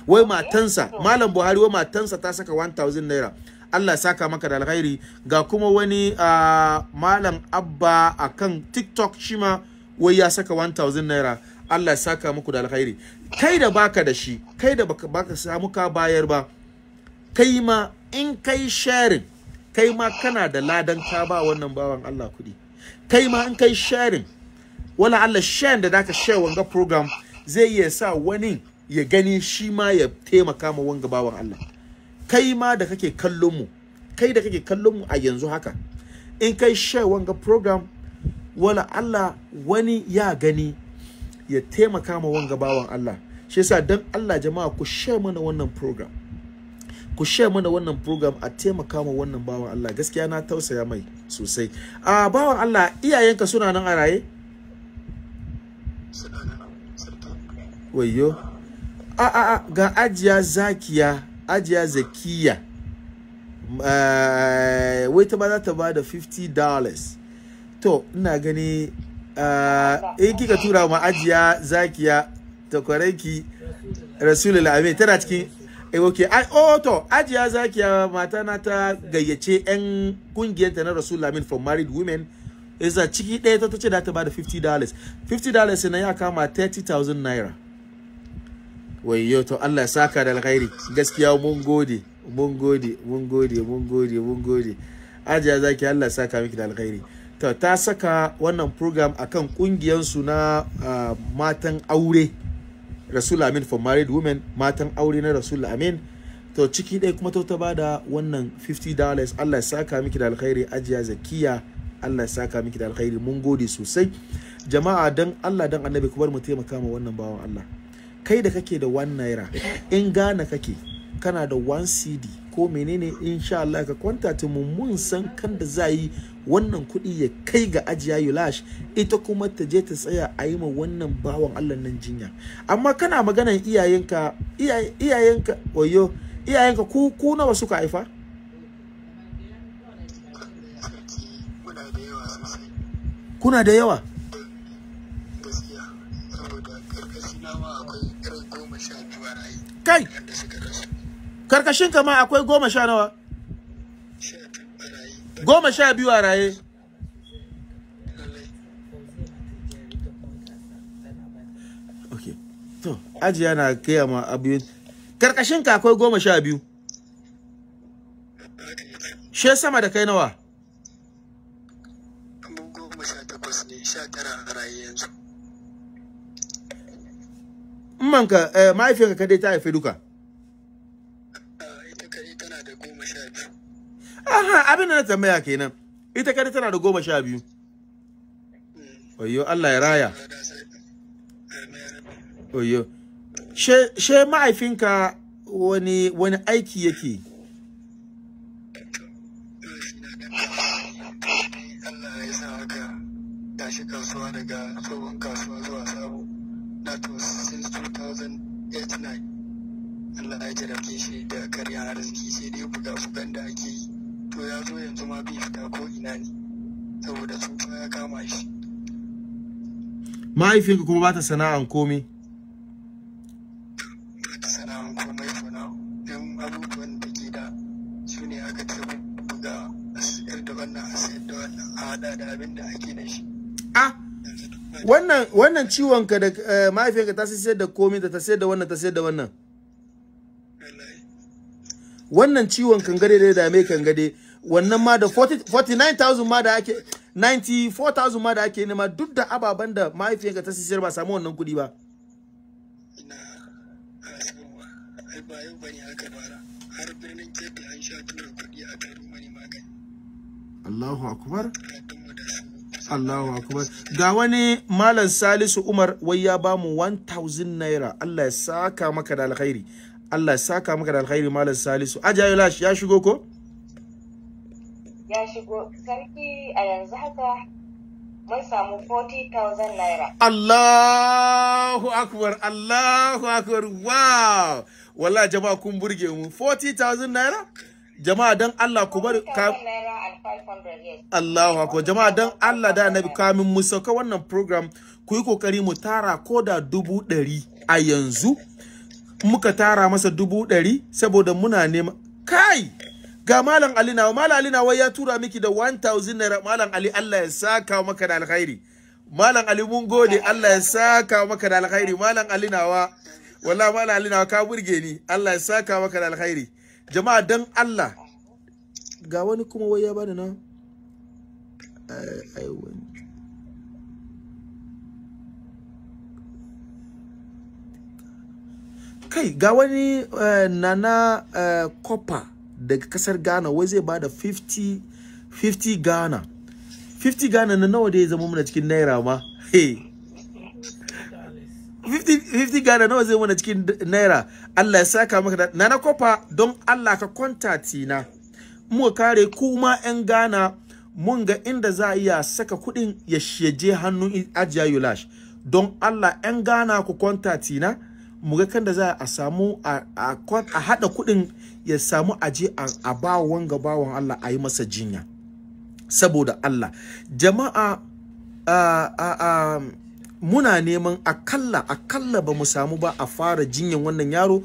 wai matansa malam buhari wai matansa ta saka 1000 naira Allah saka maka da alkhairi ga kuma wani uh, malam abba akan tiktok shima wai ya saka 1000 naira Allah saka muku da alkhairi kai da baka da shi kai da baka, baka samu ka bayar ba kai ma in kai sharing kai ma kana da ladan ka ba wannan bawan Allah kuɗi kai ma in kai sharing wala Allah share da zaka share wanga program zai iya sa wani ya gani shi ma ya taimaka ma wanga bawan Allah kai ma da kake kallon mu kai da kake kallon mu a yanzu haka in kai share wanga program wala Allah wani ya gani ya taimaka ma wanga bawan Allah shi yasa dan Allah jama'a ku share mana wannan program ku share mana wannan program a taimaka ma wannan bawan Allah gaskiya na tausaya mai sosai a bawan Allah iyayenka suna nan a raye wayo a a a ga ajiya zakiya ajiya zakiya uh, wai ta ba za ta ba da 50 dollars to ina gani uh, in kika tura ma ajiya zakiya ta kwareki rasulul amin tana cikin eh okay ai oh to ajiya zakiya mata na ta gayyace yan kungiyarta na rasulul amin for married women isa ciki ɗaya ta ce da ta bada 50 dollars 50 dollars na ya kama 30,000 naira yau to Allah ya saka da alkhairi gaskiya mun gode mun gode mun gode mun gode mun gode ajiya zaki Allah ya saka miki da alkhairi to ta saka wannan program akan kungiyar su na uh, matan aure Rasul Amin for married women matan aure na Rasul Amin to ciki ɗaya kuma ta bada wannan 50 dollars Allah ya saka miki da alkhairi ajiya zakiya Allah ya saka miki da alkhairi mun gode sosai jama'a dan Allah dan annabi ku bar mu taimaka ma wannan bawan Allah kai da kake da 1 naira in gana kake kana da 1 CD ko menene insha Allah ka kwanta mu mun san kan da za yi wannan kuɗi ya kai ga ajiya yulash ita kuma ta je ta tsaya a yi ma wannan bawan Allah nan jinya amma kana maganan iyayenka iyayenka oyo iyayenka ku ku nawa suka haifa kuna da yawa kai karkashin kama akwai goma sha nawa goma sha biyu a raye okay to ajiya na kaiya ma abin karkashin ka akwai goma sha biyu she sama da kai nawa raye yanzu manka kadai ta haife duka eh, ita kadai tana da goma sha biyu aha abin da na tambaya kenan ita kadai tana da goma sha biyu hmm. oyo Allah ya raya eh, oyo she, she mahaifinka wani wani aiki yake kasuwa daga tsohon kasuwa zuwa sabo na to since 2008-9 Allah ya jarabce shi da karya arziki sai dai buga bugan da ake yi to ya zo yanzu ma bai fita ko ina ne saboda tsufa ya kama shi mahaifinka kuma ba ta sana'an komai ba sana'an komai don abubuwan da ke da su ne aka ce buga a sayar da wannan a da wannan a hada da abin da ake da shi a wannan wannan ciwon ka da mahaifiyarka ta sayar da komai da ta sayar da wannan ta sayar da wannan wannan ciwon kan gare da dame kan gare wannan ma da 49,000 ma da ake 94,000 ma da ake nema duk da ababen da mahaifiyarka ta sayar ba samu wannan kuɗi ba Allahu akbar Allahu akbar ga wani malam Salisu Umar wai ya ba mu 1000 naira Allah ya saka maka da alkhairi Allah ya saka maka da alkhairi malam Salisu ajayo lash ya shigo ko ya shigo sarki a yanzu haka mun samu 40,000 naira. Allahu akbar, Allahu akbar, wow! wallahi jama'a kun burge mu, 40,000 naira? jama'a dan Allah ku bari ka Allahu akbar jama'a dan Allah da annabi kamin mu sauka wannan program ku yi kokari mu tara koda dubu ɗari a yanzu muka tara masa dubu ɗari saboda muna nema kai ga malam Ali nawa malam Ali nawa ya tura miki da 1000 naira malam Ali Allah ya saka maka da alkhairi malam Ali mun gode Allah ya saka maka da alkhairi malam Ali nawa wallahi malam Ali nawa ka burge ni Allah ya saka maka da alkhairi jama'a don Allah ga wani kuma wai ya da nan ai kai ga wani eh, nana kopa eh, daga kasar ghana wai zai ba da 50 ghana 50 ghana na nawa da ya zama mana cikin naira ma hey 50 Ghana nawa zai mana cikin naira Allah ya saka maka da nana kofa don Allah ka kwanta na mu kare kuma yan gana mun ga inda za a iya saka kuɗin ya sheje hannun ajiya yulash don Allah yan gana ku kwanta na mu ga kan za a samu a haɗa kuɗin ya samu aje a ba wanga bawan Allah a yi masa jinya saboda Allah jama'a muna neman akalla akalla ba mu samu ba a fara jinyan wannan yaro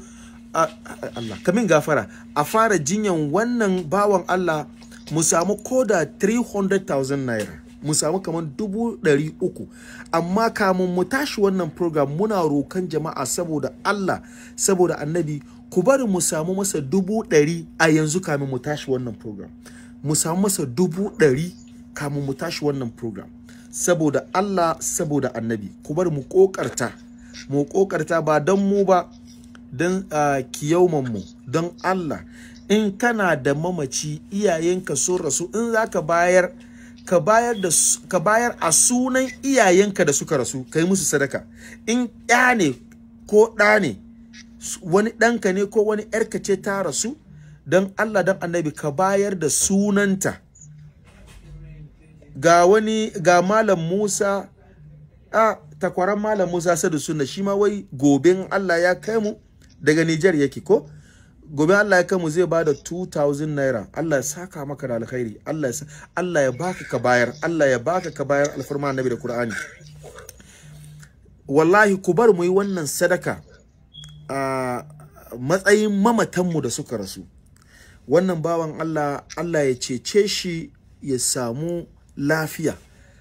Allah kamin gafara a fara jinyan wannan bawan Allah mu samu koda 300,000 naira mu samu kamar dubu ɗari uku amma kamun mu tashi wannan program muna rokan jama'a saboda Allah saboda annabi ku bari mu samu masa dubu ɗari a yanzu kamin mu tashi wannan program mu samu masa dubu ɗari kamin mu tashi wannan program saboda Allah saboda annabi ku bar mu kokarta mu kokarta ba dan mu ba dan kiyauman mu dan Allah in kana da mamaci iyayenka sun rasu in zaka bayar ka bayar da ka bayar a sunan iyayenka da suka rasu kai musu sadaka in ɗa ne ko ɗa ne wani ɗanka ne ko wani ‘yarka ce ta rasu don Allah dan annabi ka bayar da sunanta ga wani ga malam Musa a takwaran malam Musa Sadu Sunna shi ma wai goben Allah ya kai mu daga Niger yake ko gobe Allah ya kai mu zai ba da 2000 naira Allah ya saka maka da alkhairi Allah ya Allah ya baka ka bayar Allah ya baka ka bayar alfarma annabi da Qur'ani wallahi ku bar mu yi wannan sadaka a matsayin mamatanmu da suka rasu wannan bawan Allah Allah ya cece shi ya samu lafiya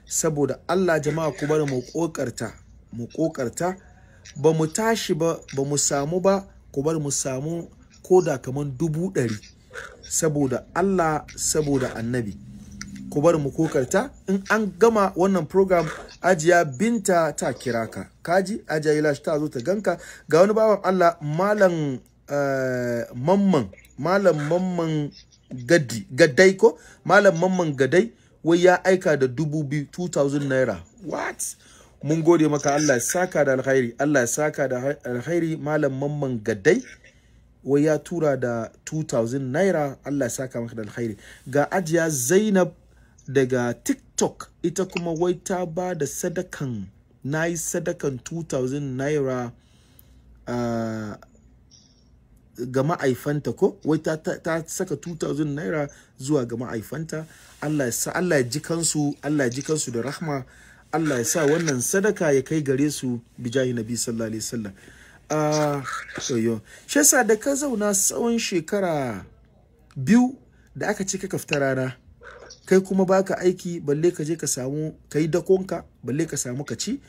saboda Allah jama'a ku bari mu kokarta mu kokarta ba mu tashi ba ba mu samu ba ku bari mu samu koda kaman dubu ɗari saboda Allah saboda annabi ku bari mu kokarta in an gama wannan program ajiya binta ta kira ka kaji ajiya ilash ta zo ta ganka ga wani bawan Allah malam uh, mamman malam mamman gaddi gaddai ko malam mamman gadai wai ya aika da dubu biyu 2000 naira what mun gode maka Allah ya saka da alkhairi Allah ya saka da alkhairi malam mamman gadai. wai ya tura da 2000 naira Allah ya saka maka da alkhairi ga ajiya Zainab daga TikTok ita kuma wai ta ba da sadakan na yi sadakan 2000 naira uh, ga ma'aifanta ko wai ta, ta, ta saka 2000 naira zuwa ga ma'aifanta Allah ya Allah ji kansu Allah ji kansu da rahma Allah ya sa wannan sadaka ya kai gare su bijahi nabi sallallahu alaihi wasallam ah uh, shi yasa da ka zauna tsawon shekara biyu da aka ce ka fita rana kai kuma baka aiki balle ka je ka samu kai dakonka balle ka samu ka ci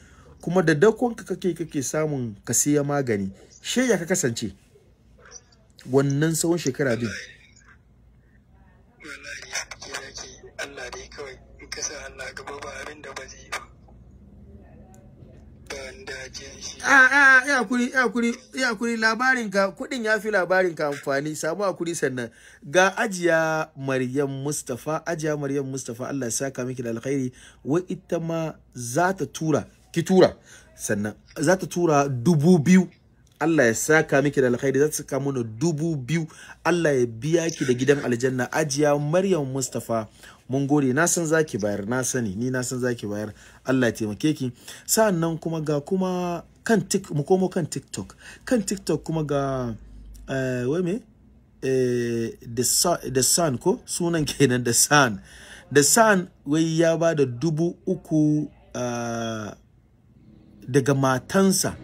kuma da dakonka kake kake samun ka siya magani she ya ka kasance wannan tsawon shekara biyu Allah dai kawai in ka sa ba ba ban shi ya kuri ya ka kudin ya fi labarinka ka amfani samu a kuri sannan ga ajiya Maryam Mustafa ajiya Maryam Mustafa Allah ya saka miki da alkhairi wai ita ma za ta tura ki tura sannan za ta tura dubu biyu Allah ya saka miki da alkhairi za saka mana dubu biyu Allah ya biya ki da gidan aljanna ajiya Maryam Mustafa mun gode na san zaki bayar na sani ni na san zaki bayar Allah ya taimake ki sa'annan kuma ga kuma kan tik mu komo kan TikTok kan TikTok kuma ga eh wai me eh the sun, the sun ko sunan kenan the sun the sun wai ya ba da dubu uku uh, daga matansa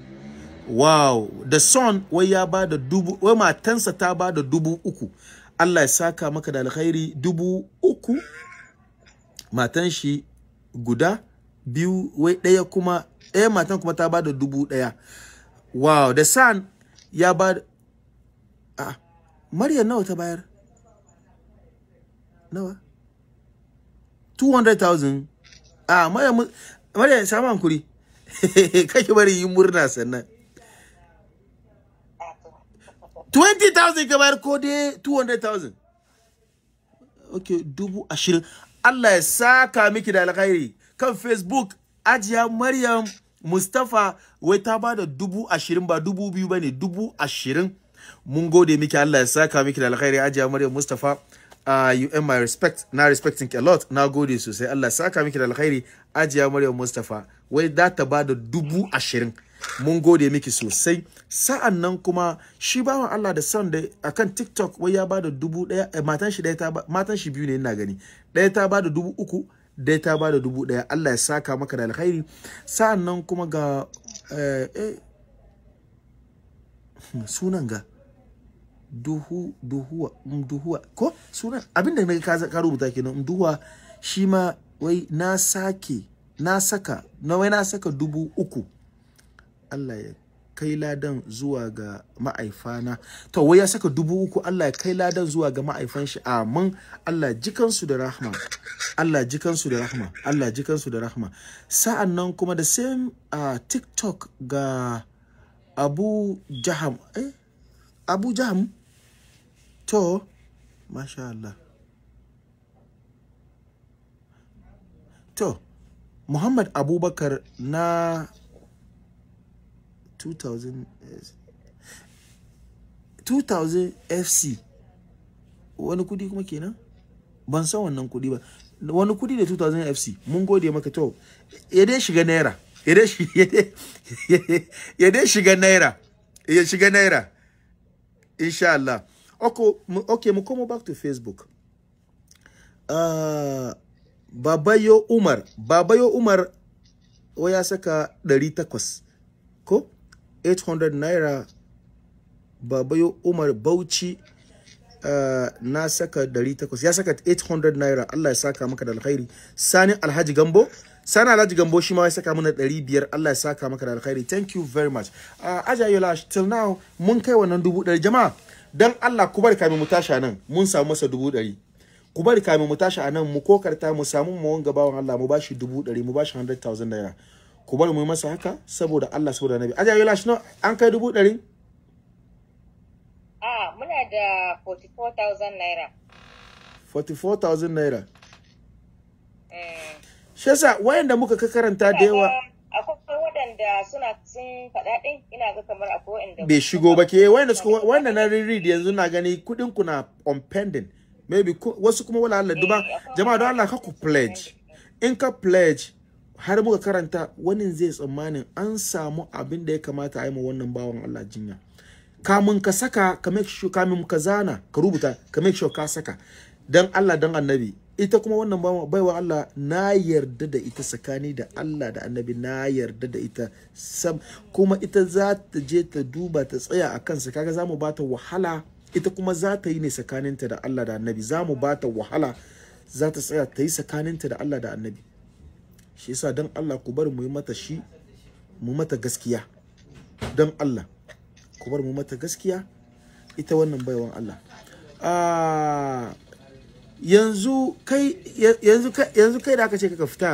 wow the son wai ya ba da dubu wai matansa ta ba da dubu uku Allah ya saka maka da alkhairi dubu uku matan shi guda biyu wai ɗaya kuma ɗaya matan kuma ta ba da dubu ɗaya wow the son ya ba da ah, Maryam nawa ta bayar nawa 200,000 ah Maryam Maryam sama kuri, kake bari yi murna sannan 20,000 ka bayar ko dai 200,000 ok dubu ashirin Allah ya saka miki da alkhairi kan facebook ajiya maryam mustapha wai ta ba da dubu ashirin ba dubu biyu ba ne dubu ashirin mun gode miki Allah ya saka miki da alkhairi ajiya maryam mustapha uh, ah, you earn my respect na respecting a lot na gode sosai Allah ya saka miki da alkhairi ajiya maryam mustafa wai za ta ba da dubu ashirin mun gode miki sosai sa'an nan kuma shi bawan Allah da son da akan TikTok wai ya bada dubu daya eh, matan shi daya ta matan shi biyu ne ina gani daya ta bada dubu uku daya ta bada dubu daya Allah ya saka maka da alkhairi sa'an nan kuma ga eh, eh, hmm, sunan ga duhu duhuwa mm, duhuwa ko sunan abinda na ka ka rubuta kenan mm, duhuwa shi ma wai na sake na saka na wai na saka dubu uku Allah ya kai ladan zuwa ga ma'aifana to wai ya saka dubu uku Allah ya kai ladan zuwa ga ma'aifan shi amin Allah jikansu da rahma Allah jikansu da rahma Allah jikansu da rahma sa'an nan kuma da same uh, TikTok ga Abu Jaham eh Abu Jaham to masha Allah to Muhammad Abubakar na 2000 FC wani kudi kuma kenan ban san wannan kudi ba wani kudi da 2000 FC mun gode maka to ya dai shiga naira ya dai shiga naira ya shiga naira insha Allah okay mu komo back to Facebook uh, Babayo Umar Babayo Umar waya saka 800 ko 800 naira babayo umar bauchi Uh, na saka 800 ya saka 800 naira Allah ya saka maka da alkhairi sani alhaji gambo sani alhaji gambo shi ma ya saka mana 500 Allah ya saka maka da alkhairi thank you very much uh, aja yola till now mun kai wannan dubu ɗari jama'a dan Allah ku bari mu tasha nan mun samu masa dubu ɗari ku bari mu tasha nan mu kokarta mu samu mu wanga bawan Allah mu bashi dubu ɗari mu bashi 100,000 naira ku bar mu yi masa haka saboda Allah saboda Nabi Aje yola shi an kai dubu ɗari Ah, muna da 44,000 naira 44,000 naira eh. shi yasa wayanda muka ka karanta da yawa akwai waɗanda suna sun faɗa ɗin ina ga kamar akwai waɗanda bai shigo ba ke wayanda suka wayanda na read yanzu na gani kuɗin ku na on pending maybe wasu kuma wala Allah duba eh, jama'a don Allah ka ku pledge in ka pledge har muka karanta wani zai tsammanin an samu abin da ya kamata a yi ma wannan bawan Allah jinya kamun ka saka ka make sure kamun ka zana ka rubuta ka make sure ka saka dan Allah dan annabi ita kuma wannan baiwa Allah na yarda da ita sakani da Allah da annabi na yarda da ita sam kuma ita za ta je ta duba ta tsaya a kansa kaga za mu bata wahala ita kuma za ta yi ne sakaninta da Allah da annabi za mu bata wahala za ta tsaya ta yi tsakaninta da Allah da annabi shi yasa dan Allah ku bar mu yi mata shi mu mata gaskiya dan Allah ku bar mu mata gaskiya ita wannan baiwan Allah a ah, yanzu kai yanzu kai yanzu kai da aka ce kaka fita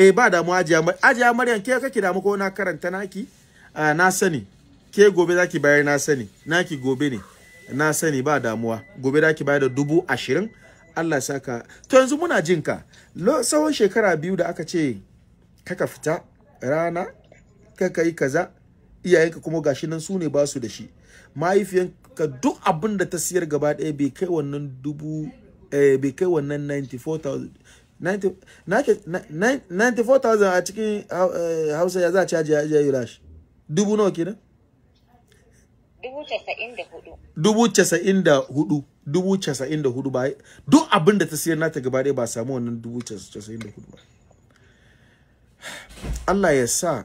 eh ba mu ajiya ajiya Maryam ke kake damu ko na karanta naki ah, na sani ke gobe zaki bayar na sani naki gobe ne na sani ba damuwa gobe zaki bayar da dubu ashirin Allah saka to yanzu muna jin ka tsawon shekara biyu da aka ce kaka fita rana kaka yi kaza iyayenka kuma gashi nan su ne ba su da shi mahaifiyanka duk abin da ta siyar gaba ɗaya bai kai wannan dubu eh, bai kai wannan 94,000 94,000 a cikin eh, hausa ya za a caji ya yi rashi dubu nawa kenan Dubu casa'in da hudu. Dubu casa'in da hudu. Dubu casa'in da hudu ba duk abin da ta siyar nata gaba ɗaya ba samu wannan dubu casa'in da hudu ba. Allah ya sa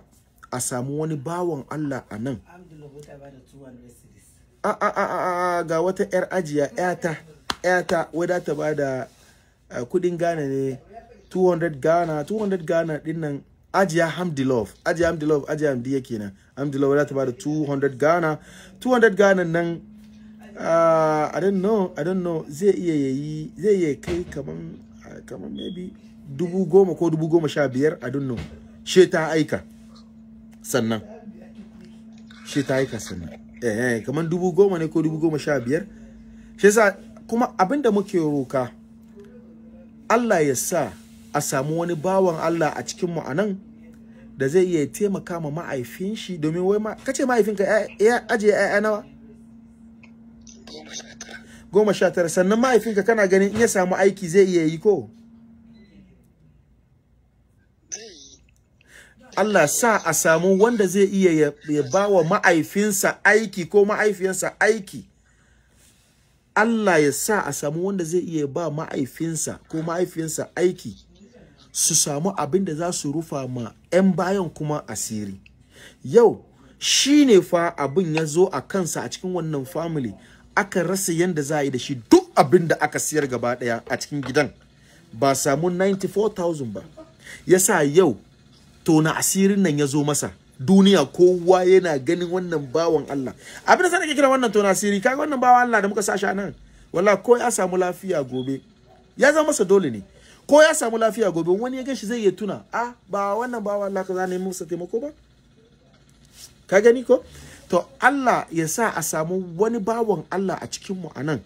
a samu wani bawan Allah a nan. A a a a a ga wata 'yar ajiya 'yata 'yata wadda ta bada kudin Ghana ne 200 Ghana 200 gana din nan ajiya hamdilov ajiya hamdilov ajiya hamdiya kenan hamdilov za ta bada 200 ghana 200 ghana nan uh, i don't know i don't know zai iya yayi zai iya kai kaman uh, kaman maybe dubu goma ko dubu goma sha biyar i don't know she ta aika sannan she ta aika sannan eh, eh kaman dubu goma ne ko dubu goma sha biyar shi sa kuma abinda muke roka Allah ya sa a samu wani bawan Allah a cikin mu anan da zai iya taimaka ma ma'aifin shi domin wai ma kace ka ya aje ya nawa goma sha tara sannan ka kana ganin in ya samu aiki zai iya yi ko Allah sa a samu wanda zai iya ya ba wa ma'aifinsa aiki ko ma'aifiyansa aiki Allah ya sa a samu wanda zai iya ba ma'aifinsa ko ma'aifiyansa aiki su samu abin da za su rufa ma 'yan bayan kuma asiri yau shi ne fa abin ya zo a kansa a cikin wannan family aka rasa yadda za a yi da shi duk abin da aka siyar gaba daya a cikin gidan ba samu 94,000 ba ya sa yau tona asirin nan ya zo masa duniya kowa yana ganin wannan bawan Allah abin da sa nake kira wannan tona asiri kaga wannan bawan Allah da muka sa shi nan Wala ko ya samu lafiya gobe ya zama masa dole ne ko ya samu lafiya gobe wani ya shi zai iya tuna a ba wannan ba Allah ka zane musa taimako ba ka gani ko to Allah ya sa a samu wani bawan Allah a cikin mu anan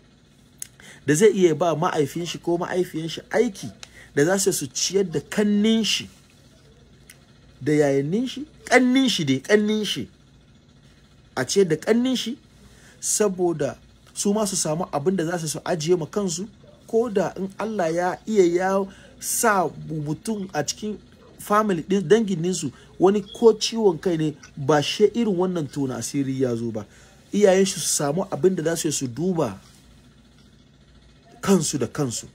da zai iya ba ma'aifin shi ko ma'aifiyan shi aiki da za su ciyar da kannin shi da yayannin shi kannin shi dai kannin shi a ciyar da kannin shi saboda su ma su samu abin da za su ajiye ma kansu ko da in Allah ya iya ya sa mutum a cikin family din dangin ninsu wani ko ciwon kai ne ba she irin wannan tona asiri ya zo ba iyayen su samu abin da za su su duba kansu da kansu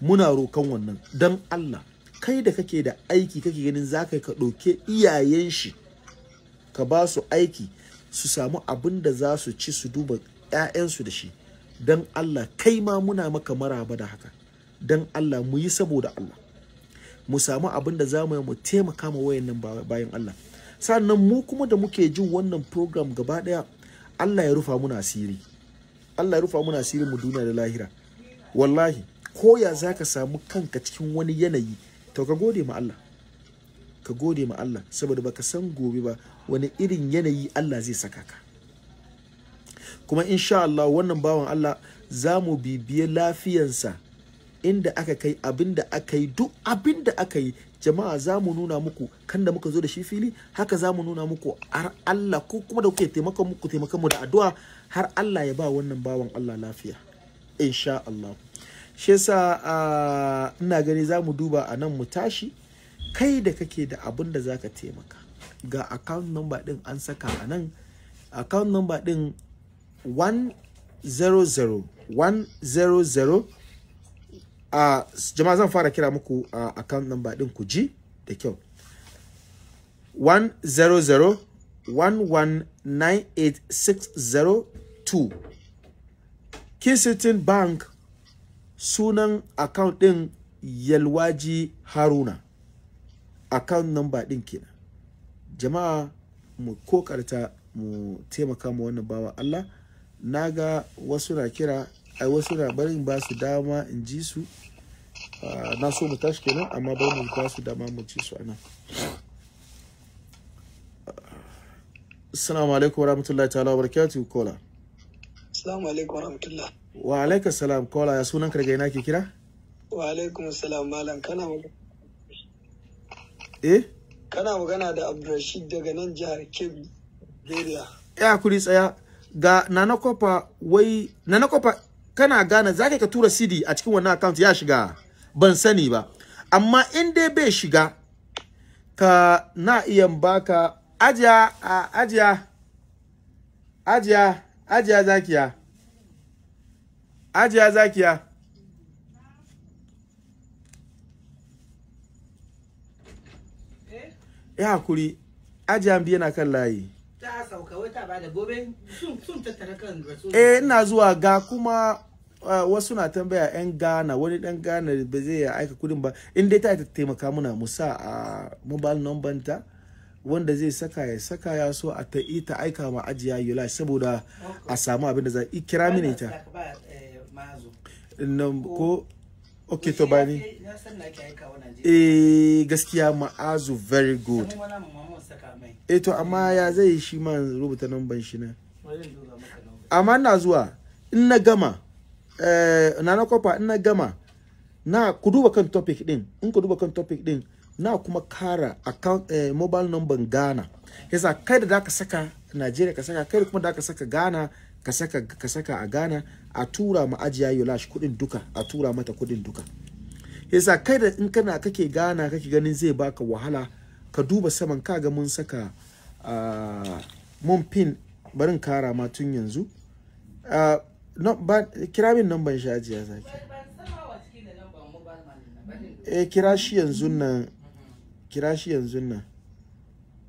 muna rokan wannan dan Allah kai da kake da aiki kake ganin za ka ka iyayen shi ka ba su aiki su samu abin da za su ci su duba 'ya'yansu da shi dan Allah kai ma muna maka maraba da haka dan Allah mu yi saboda Allah mu samu abin da zamu mu taimaka ma wayannan bayan Allah sannan mu kuma da muke jin wannan program gaba daya Allah ya rufa muna asiri Allah ya rufa muna asiri mu duniya da lahira wallahi ko ya zaka samu kanka cikin wani yanayi to ka gode ma Allah ka gode ma Allah saboda baka san gobe ba wani irin yanayi Allah zai saka ka kuma insha Allah wannan bawan Allah za mu bibiye lafiyansa inda aka kai abin da aka yi duk abin da aka yi jama'a za mu nuna muku kan da muka zo da shi fili haka za mu nuna muku har Allah ko kuma da kuke taimakon muku taimakon mu da addu'a har Allah ya ba wannan bawan Allah lafiya insha Allah shi yasa ina gani za mu duba a nan mu tashi kai da kake da abin da zaka taimaka ga account number din an saka a nan account number din 100 100 a jama'a zan fara kira muku a ah, account number din ku ji da kyau 100 1198602 Kisitin Bank sunan account din Yalwaji Haruna account number din kenan jama'a mu kokarta mu taimaka mu wannan bawa Allah na ga wasu na kira ai wasu na barin ba su dama in ji su ah, na so mu tashi kenan amma ba mu ba su dama mu ji su anan assalamu alaikum warahmatullahi ta'ala wabarakatuh kola assalamu alaikum warahmatullah wa alaika salam kola ya sunan karga ina ke kira wa alaikum salam malam kana magana eh kana magana da abdurashid daga nan jihar kebbi Nigeria ya kuri tsaya ga nana kofa wai nana kofa kana gane zaka ka tura cd a cikin wannan account ya shiga ban sani ba amma in dai bai shiga ka na iya baka ajiya ajiya ajiya ajiya zakiya ajiya zakiya ya hakuri ajiya biyu yana kan layi ta sauka eh ina zuwa ga kuma eh, wasu na tambaya yan Ghana wani dan Ghana ba zai aika kudin ba in dai ta taimaka muna mu sa a mobile number ta wanda zai saka ya saka ya so a ta ita aika ma ajiya yula saboda a samu abin da za a kira mini ta eh, ko ok to bani eh gaskiya ma'azu very good eh to amma ya zai shi ma rubuta namban shi nan amma na zuwa in na gama eh na na kofa in na gama na ku duba kan topic din in ku duba kan topic din na kuma kara account eh, mobile number Ghana yasa kai da zaka saka Najeriya ka saka kai kuma da ka saka Ghana ka saka ka saka a Ghana a tura ma ajiya yu'lash kudin duka a tura mata kudin duka yasa kai da in kana kake Ghana kake ganin zai baka wahala ka duba saman kaga mun saka mun pin barin kara ma tun yanzu kira min ban shi ajiya zaki eh kira shi yanzu nan kira shi yanzu nan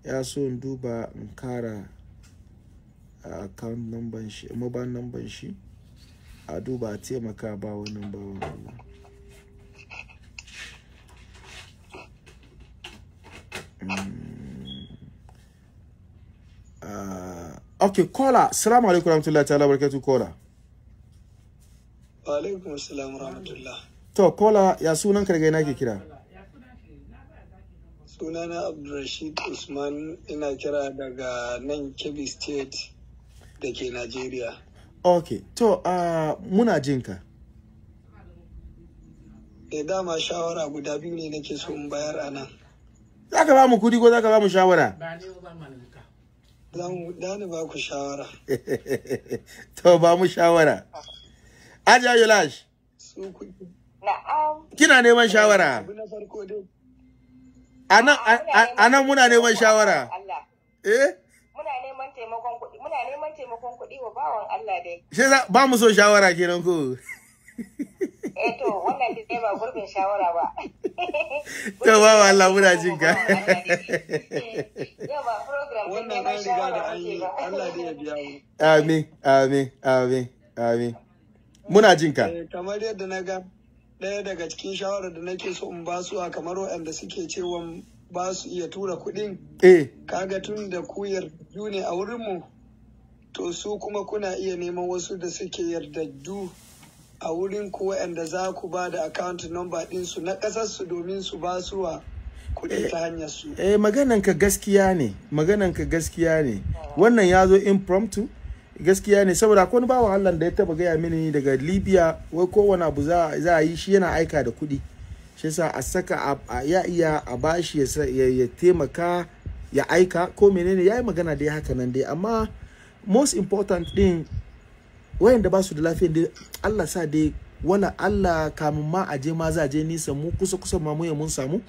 ya so in duba in kara account number shi mobile number shi a duba a taimaka ba wannan bawan ba. Hmm. Ah, ok kola salamu alaikum rahmatullahi ta'ala barakatu kola alaikum salamu rahmatullahi to kola ya sunan karga yana ke kira sunana abdulrashid usman ina kira daga nan kebbi state da ke Najeriya. Ok, to uh, muna jinka. da eh, dama shawara guda biyu ne nake so in bayar a nan. Za ka ba mu kudi ko za ka ba mu shawara? Ba ne ba ku shawara. to ba mu shawara. Aja Yulash. Kina neman shawara? A nan muna neman shawara. Eh? taimakon kuɗi muna neman taimakon kuɗi wa bawan Allah dai shi ba mu so shawara kenan ko eto eh to wannan dai ba gurbin shawara ba to ba Allah muna jin ka yau ba program wannan an riga da an yi Allah dai ya biya mu amin amin amin amin muna jin ka eh, kamar yadda na ga ɗaya daga cikin shawara da nake so in ba su a kamar waɗanda suke cewa ba su iya tura kuɗin ka eh. kaga tun da ku yardu ne a wurinmu to su kuma kuna iya neman wasu da suke yardaddu a wurin ku waɗanda za ku ba da account number ɗinsu na kasarsu domin su ba su wa kuɗi ta eh. hanyar su. Eh ka gaskiya ne, ka gaskiya ne. Wannan ya zo impromptu gaskiya ne saboda akwai wani bawan Allah da ya taba gaya mini daga Libya wai kowane abu za a yi shi yana aika da kuɗi. shi yasa a saka a ya iya a bashi ya taimaka ya aika ko menene ya yi magana dai haka nan dai amma most important din wayanda ba su da lafiya dai Allah sa dai wala Allah kamun ma aje ma za je nisa mu kusa kusa ma mu mun samu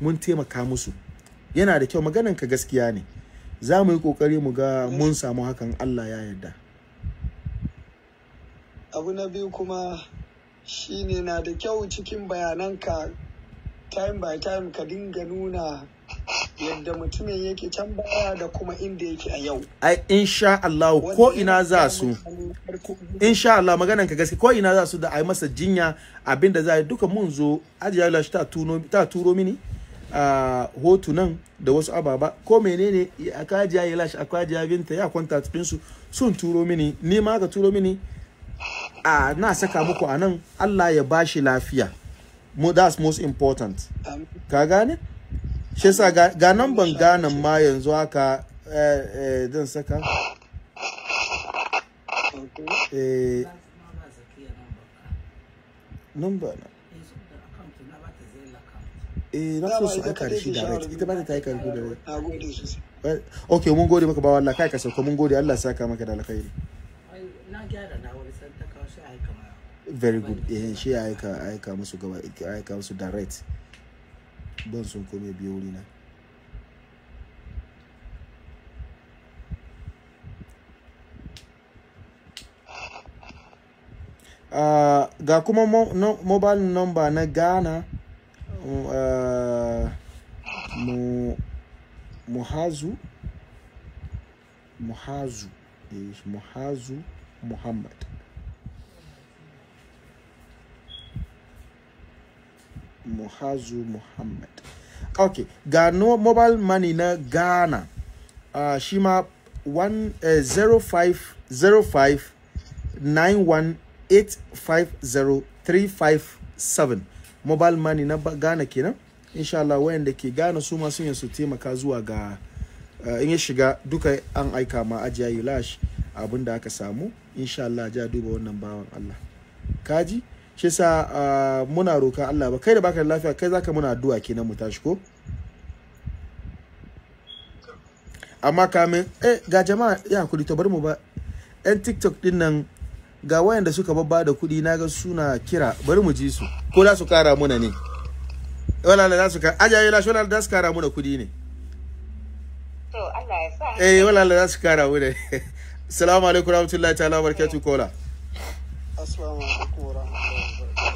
mun taimaka musu yana da kyau maganan ka gaskiya ne za mu yi kokari mu ga mun samu hakan Allah ya yarda abu na biyu kuma shine na da kyau cikin bayananka time by time ka dinga nuna yadda mutumin yake can baya da kuma inda yake a yau. Ai insha Allah ko ina za su insha Allah maganan ka gaske ko ina za su da yi masa jinya abinda za yi duka mun zo ajiya lashi ta turo mini a hotunan da wasu ababa ko menene akajiya ya lashi akajiya binta ya kwanta cikin su sun turo mini ni ma ka turo mini a na saka muku a nan Allah ya ba shi lafiya that's most important ka gane shi sa ga nan ban ganan ma yanzu haka eh, eh, zan saka eh, number na eh na so su aika da shi direct ita ba ta ta aika da direct okay mun gode maka ba wallah kai ka sauka mun gode Allah saka maka da alkhairi very good eh shi ya aika aika musu gaba aika musu direct ban sun kome biyo wuri na Uh, ah, ga kuma mo, no, mobile number na ghana uh, mu, muhazu muhazu is eh, muhazu muhammad muhazu muhammad ok ga no mobile money na ghana uh, shi ma 050591850357 eh, mobile money na ghana kenan insha Allah wayanda ke ghana su ma sun su taimaka zuwa ga eh, in ya shiga duka an aika ma ajiya yulash abin da aka samu insha Allah ja duba wannan bawan Allah kaji shi sa muna roka Allah ba kai da baka da lafiya kai zaka muna addu'a kenan mu tashi ko amma kamin eh ga jama'a ya kuli to bar mu ba yan tiktok din nan ga wayanda suka babba da kuɗi na ga suna kira bari mu ji su ko za su kara muna ne wala la za su kara ajaye la shola da su kara muna kuɗi ne to Allah ya sa eh wala la za su kara muna assalamu alaikum warahmatullahi ta'ala barakatuh kola assalamu alaikum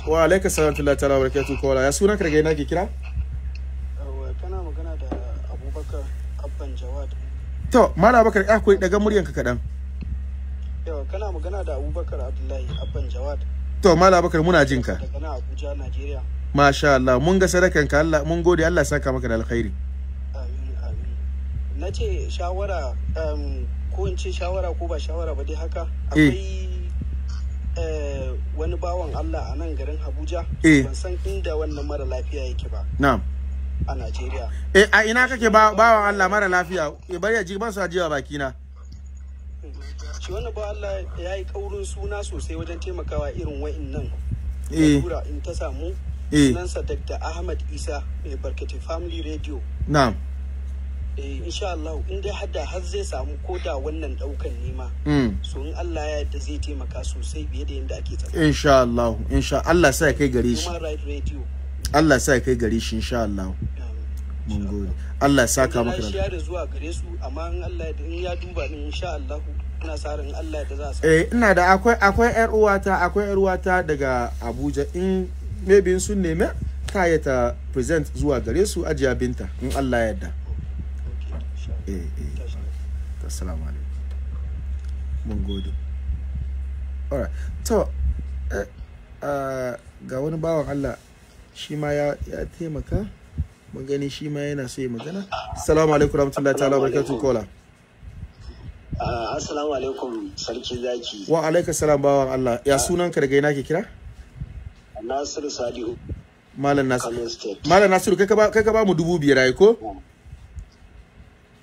wa alaika salatullahi ta'ala barakatu kola ya suna karga yana ke kira kana magana da abubakar abban jawad to mala bakar ya ah, koyi daga muryanka kaɗan yawa kana magana da abubakar abdullahi abban jawad to mala bakar muna jinka daga nan abuja najeriya masha Allah mun ga sadakanka Allah mun gode Allah saka maka da alkhairi amin amin nace shawara um, ko in ce shawara ko ba shawara ba dai haka eh. akwai Eh, wani bawan Allah a nan garin Abuja eh. ban san inda wannan mara lafiya yake ba na'am a Najeriya eh a ina kake bawan Allah mara lafiya ya eh, bari ya ji ba su ajiya baki na shi wannan bawan Allah ya yi kaurin suna sosai wajen taimakawa irin wa'annan eh in ta samu sunansa Dr. Ahmad Isa mai barkati Family Radio na'am Eh, insha Allah in dai hadda har zai samu koda wannan daukan nema hmm. so in Allah ya yarda zai taimaka sosai biye da yadda ake tsaka insha Allah insha Allah sai kai gare shi Allah sai kai gare shi insha Allah mun gode Allah ya saka maka da shi zuwa gare su amma in Allah in ya duba ni insha Allah ina sa ran Allah ya za sa eh ina da akwai akwai yar uwata akwai yar uwata daga Abuja in maybe sun neme ta ya ta present zuwa gare su ajiya binta in Allah ya yarda eh eh assalamu alaikum mun gode alright to eh, ah, ga wani bawan Allah shi ma ya taimaka mun gani shi ma yana so ya magana assalamu alaikum ta'ala kola ah, assalamu alaikum sarki zaki wa alaika salam bawan Allah ya ah. sunan ka daga ina ke kira Nasiru Sadiu Malam Nasiru Malam Nasiru kai ka ba mu dubu biyar ai ko oh.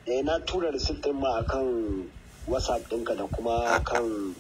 eh na tura da din ma akan WhatsApp ɗinka da kuma akan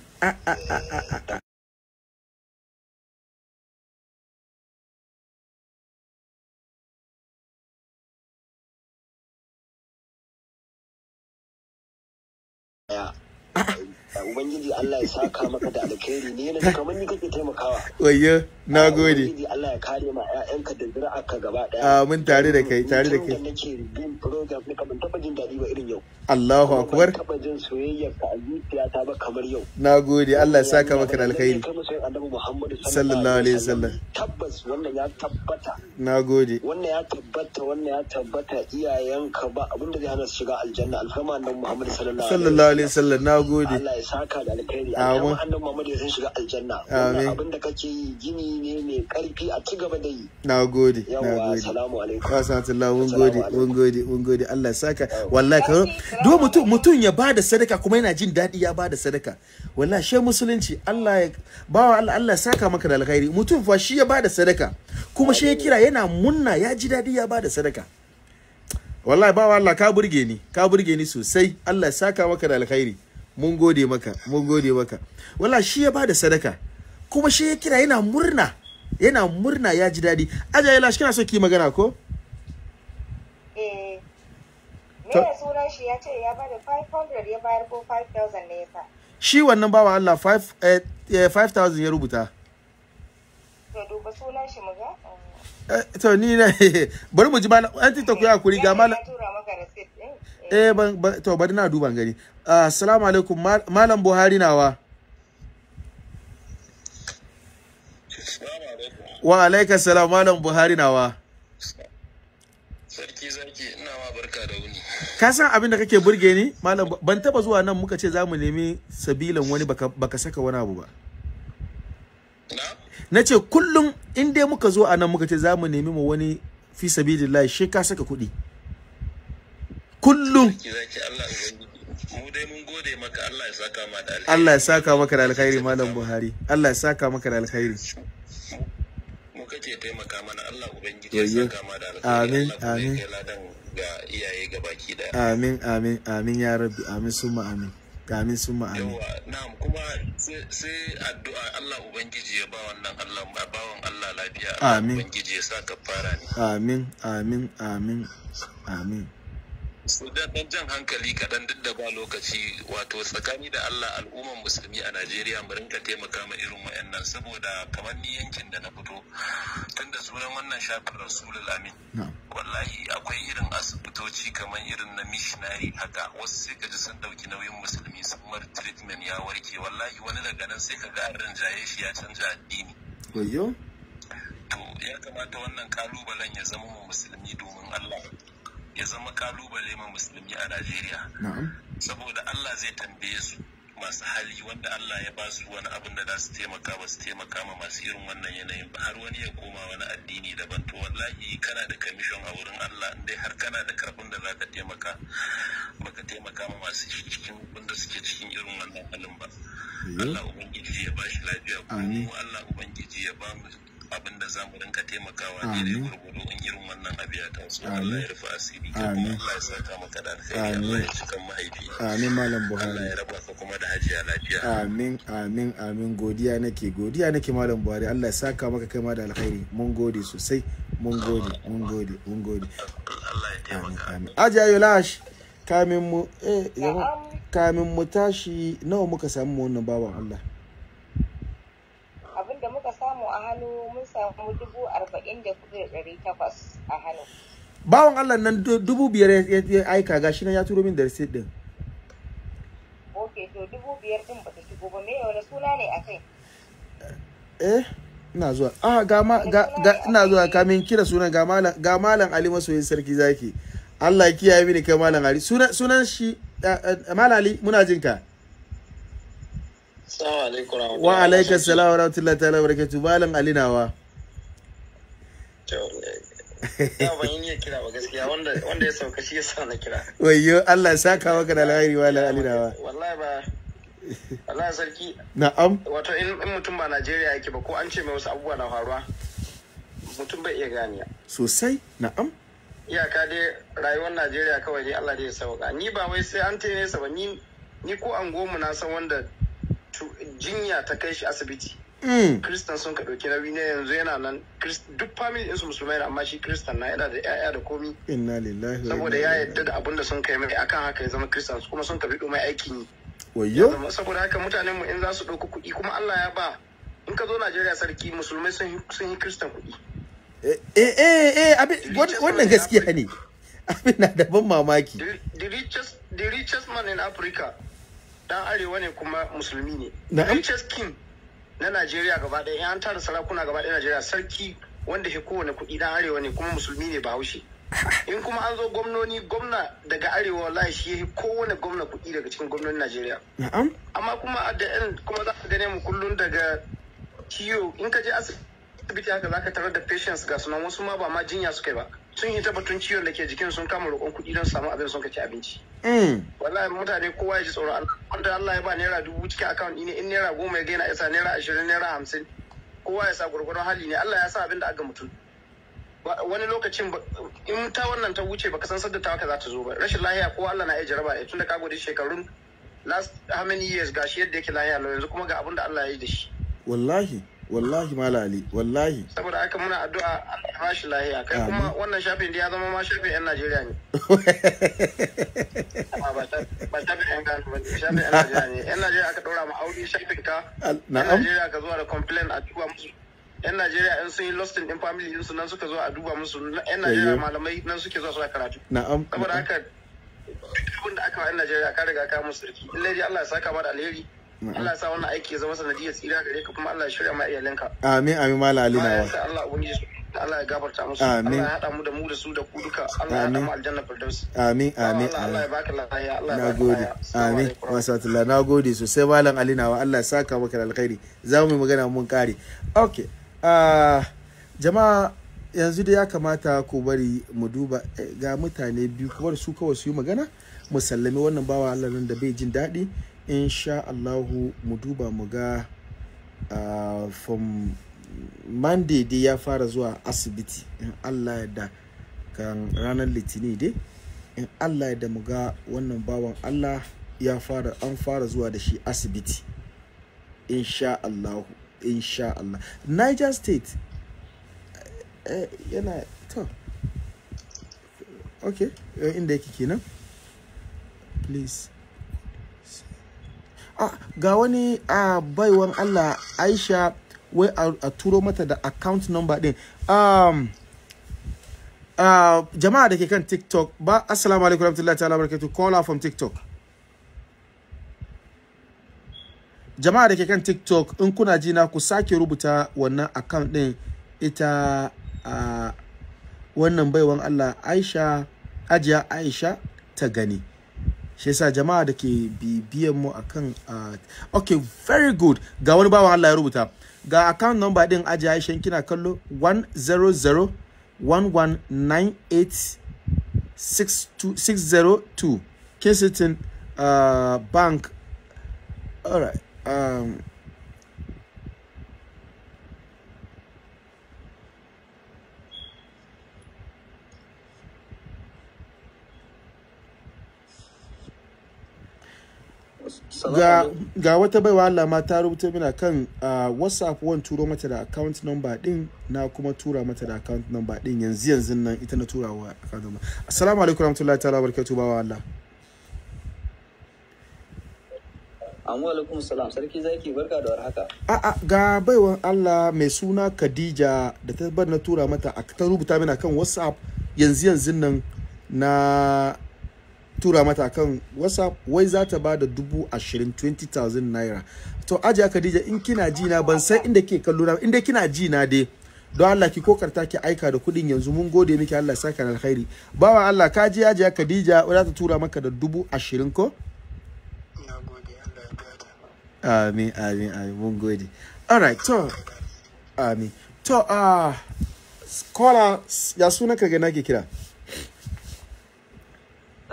ubangiji Allah ya saka maka da alkhairi ne ne kamar ni kake taimakawa wayyo nagode ubangiji Allah ya kare ma ƴaƴanka da zuri'arka gaba daya mun tare da kai tare da kai nake bin program ne kamar taba jin dadi ba irin yau Allahu akbar taba jin soyayya ka a zuciyata ba kamar yau nagode Allah ya saka maka da alkhairi kamar sai annabi Muhammadu sallallahu alaihi wasallam tabbas wannan ya tabbata wannan ya tabbata wannan ya tabbata iyayenka ba abinda zai hana shiga aljanna alfama annabi Muhammadu sallallahu alaihi wasallam nagode Allah ya saka da alkhairi amin annabi Muhammadu ya san shiga aljanna amin abinda kake yi gini ne mai karfi a ci gaba da yi nagode nagode assalamu alaikum wa mun gode mun gode mun gode Allah ya saka wallahi kamar duk mutum mutum ya bada sadaka kuma yana jin daɗi ya bada sadaka wallahi shi musulunci Allah ya bawa Allah Allah saka maka da alkhairi mutum fa shi ya bada sadaka kuma shi ya kira yana munna ya ji dadi ya bada sadaka wallahi bawa Allah ka burge ni ka burge ni sosai Allah saka maka da alkhairi mun gode maka mun gode maka wallahi shi ya bada sadaka kuma shi ya kira yana murna yana murna ya ji dadi ajayila shi kana so ki magana ko eh me sunan shi ya ce ya bada 500 ya bayar ko 5000 ne ya sa shi wannan bawa Allah 5000 eh, eh, ya rubuta to eh, ni na bari mu ji malam an tiktok ya kuri ga malam eh ban to bari na duban gani ah, assalamu alaikum malam buhari nawa wa alaikas salam malam buhari nawa sarki zaki ina wa barka da wuni ka san abin da kake burge ni malam ban taba zuwa nan muka ce zamu nemi sabilan wani baka baka saka wani abu ba na ce kullum in dai muka zo a nan muka ce zamu nemi mu wani fi sabilillah shi ka saka kuɗi kullum mu dai mun gode maka Allah ya saka maka da alkhairi Allah ya saka maka da alkhairi malam Buhari Allah ya saka maka da alkhairi muka ce taimaka mana Allah ubangiji ya saka maka da alkhairi amin amin ga iyaye ga baki daya amin amin amin ya rabbi amin summa amin amin summa amin na'am kuma sai addu'a Allah ubangiji ya ba wannan Allah ba bawan Allah lafiya amin ubangiji ya saka fara ne amin amin amin amin dan dan jan hankali kaɗan duk da ba lokaci wato tsakani da Allah al'umman musulmi a Najeriya mu rinka taimaka ma irin wayannan saboda kamar ni yankin da na fito tunda sunan wannan shafin Rasulul Amin wallahi akwai irin asibitoci kamar irin na missionary haka wasu sai ka ji sun dauki nauyin musulmi sun mar treatment ya warke wallahi wani daga nan sai ka ga an rinjaye shi ya canja addini to ya kamata wannan kalubalen ya zama musulmi domin Allah ya zama kalubale ma musulmi a Najeriya. Saboda Allah zai tambaye su masu hali wanda Allah ya ba su wani abin da za su taimaka ba su taimaka ma masu irin wannan yanayin ba har wani ya koma wani addini daban to wallahi kana da kamishon a wurin Allah dai har kana da karfin da za ka taimaka baka taimaka ma masu cikin wanda suke cikin irin wannan halin ba. Allah Ubangiji ya ba shi lafiya kuma Allah Ubangiji ya ba mu abin da zamu rinka taimakawa ne da gurguru in irin wannan abu ya taso Allah ya rufa asiri ka kuma Allah ya saka maka da alkhairi Allah ya cika mahaifi amin malam buhari Allah ya raba ka kuma da hajiya lafiya amin amin amin godiya nake godiya nake malam buhari Allah ya saka maka kai ma da alkhairi mun gode sosai mun gode mun gode mun gode Allah ya taimaka amin ajiya yulash kamin mu eh kamin mu tashi nawa muka samu wannan baban Allah hannu mun samu dubu arba'in da kudu da ɗari takwas a hannu. Bawan Allah nan dubu biyar ya aika ga shi nan ya turo min da receipt din. Ok, to dubu biyar din ta shigo ba me wani suna ne a kai? Eh, ina zuwa. Ah, ga ma ga ina zuwa kamin kira sunan ga malam ga malam Ali masoyin sarki zaki. Allah ya kiyaye mini kai malam Ali. Sunan sunan shi eh, eh, malam Ali muna jinka. ka. wa alaikar salam wa rahmatullahi ta'ala wa barakatu malam alinawa eh, wanda ya ya sauka shi sa na kira. wayyo Allah ya saka maka da alheri malam alinawa wallahi Allah sarki na'am wato in mutum ba Najeriya yake ba ko an ce mai wasu abubuwa na faruwa mutum bai iya ganiya sosai na'am iyaka dai rayuwar Najeriya kawai dai Allah dai ya sauka ni ba wai sai an tene sa ba ni ni ko an goma na san wanda jinya ta kai shi asibiti mm. kristan sun ka ɗauki nauyi ne yanzu yana nan duk family ɗinsu musulmai na amma shi kristan na yana da ƴaƴa da komi inna lillahi saboda ya yadda da abin da sun kai mai akan haka ya zama kristan kuma sun biɗo mai aikin yi wayyo saboda haka mutanen mu in za su ɗauki kuɗi kuma Allah ya ba in ka zo Najeriya sarki musulmai sun yi kristan kuɗi eh eh eh, eh abin wannan gaskiya ne abin na daban mamaki the richest the richest man in Africa dan arewa ne kuma musulmi ne richest king na najeriya gaba ɗaya an tara sarakuna gaba ɗaya najeriya sarki wanda ya kowane kuɗi dan arewa ne kuma musulmi ne bahaushe in kuma an zo gwamnoni gwamna daga arewa wallahi shi ya kowane gwamna kuɗi daga cikin gwamnonin najeriya amma kuma a da yan kuma za ka gane mu kullum daga ciwo in ka je asibiti haka za ka tarar da patients ga sunan wasu ma ba ma jinya suka yi ba sun yi tabbatun ciwon da ke jikin sun kama roƙon kuɗi don samu abin sun kaci abinci. Mm. wallahi mutane kowa ya ji tsoron Allah wanda Allah ya ba naira dubu cikin akawun ne in naira goma ya gaina isa naira ashirin naira hamsin kowa ya sa gwargwaron hali ne Allah ya sa abin da aka mutum wani lokacin in ta wannan ta wuce baka san sadda ta za ta zo ba rashin lahiya ko Allah na iya jaraba ne tunda ka gode shekarun last how many years gashi yadda yake lahiya yanzu kuma ga abin da Allah ya yi da shi wallahi wallahi malali wallahi saboda aka muna addu'a Allah ya bashi lahiya kai kuma wannan shafin da ya zama ma shafin yan Najeriya ne ba shafin yan Najeriya ba shafin yan Najeriya ne yan Najeriya aka dora ma aure shafin ka yan Najeriya ka zuwa da complain a duba musu yan Najeriya in sun yi lostin in family din su nan suka zo a duba musu yan Najeriya malamai nan suke zuwa suna karatu na'am saboda haka abin da aka wa yan Najeriya ka riga ka musu sarki in Allah ya saka ma da alheri Allah sa wannan aiki ya zama sanadiyar tsira gare ka kuma Allah ya shirya ma iyalinka amin amin mala Ali wa Allah Allah ya gafarta musu amin Allah ya hada mu da mu da su da ku duka Allah ya hada mu aljanna firdaus amin amin Allah ya baka lafiya Allah ya nagode amin wa sallallahu nagode sosai malam Ali wa Allah ya saka maka da alkhairi za mu yi magana mun kare okay ah, jama'a yanzu da ya kamata ku bari mu duba eh, ga mutane biyu kuma su kawai su yi magana mu sallami wannan bawa Allah nan da bai jin daɗi insha Allahu mu duba mu ga from monday dai ya fara zuwa asibiti in Allah da kan ranar litini dai in Allah da mu ga wannan bawan Allah ya fara an fara zuwa da shi asibiti insha Allahu insha Allah Niger state eh, yana to okay eh, inda yake kenan please Ah, ga wani a ah, baiwan Allah Aisha wai a turo mata da account number din um, uh, jama'a da ke kan TikTok ba assalamu alaikum warahmatullahi ta'ala barakatu caller from TikTok jama'a da ke kan TikTok in kuna ji na ku sake rubuta wannan account din ita uh, wannan baiwan Allah Aisha Ajiya Aisha ta gani shi yasa jama'a da bibiyan mu akan ah, okay very good ga wani bawan Allah ya rubuta ga account number din aji Aisha kina kallo 100119862 Kensington uh, Bank all right um ga, wata baiwa Allah ma ta rubuta mina kan WhatsApp wan turo mata da account number din na kuma tura mata da account number din yanzu yanzu nan ita na tura wa account number. Assalamu alaikum warahmatullahi ta'ala ba wa Allah. Amma alaikum salam sarki zaki barka da warhaka. A a ga baiwan Allah mai suna Khadija da ta bar na tura mata ta rubuta mina kan WhatsApp yanzu yanzu nan na tura mata kan whatsapp wai za ta ba da dubu ashirin 20,000 naira to ajiya khadija in kina ji na ban san inda ke kallo na inda kina ji na dai don Allah ki kokarta ki aika da kuɗin yanzu mun gode miki Allah saka alkhairi bawa Allah ka ji ajiya khadija za ta tura maka da dubu ashirin ko amin amin amin mun gode alright to amin to ah uh, scholar ya suna ka ga nake kira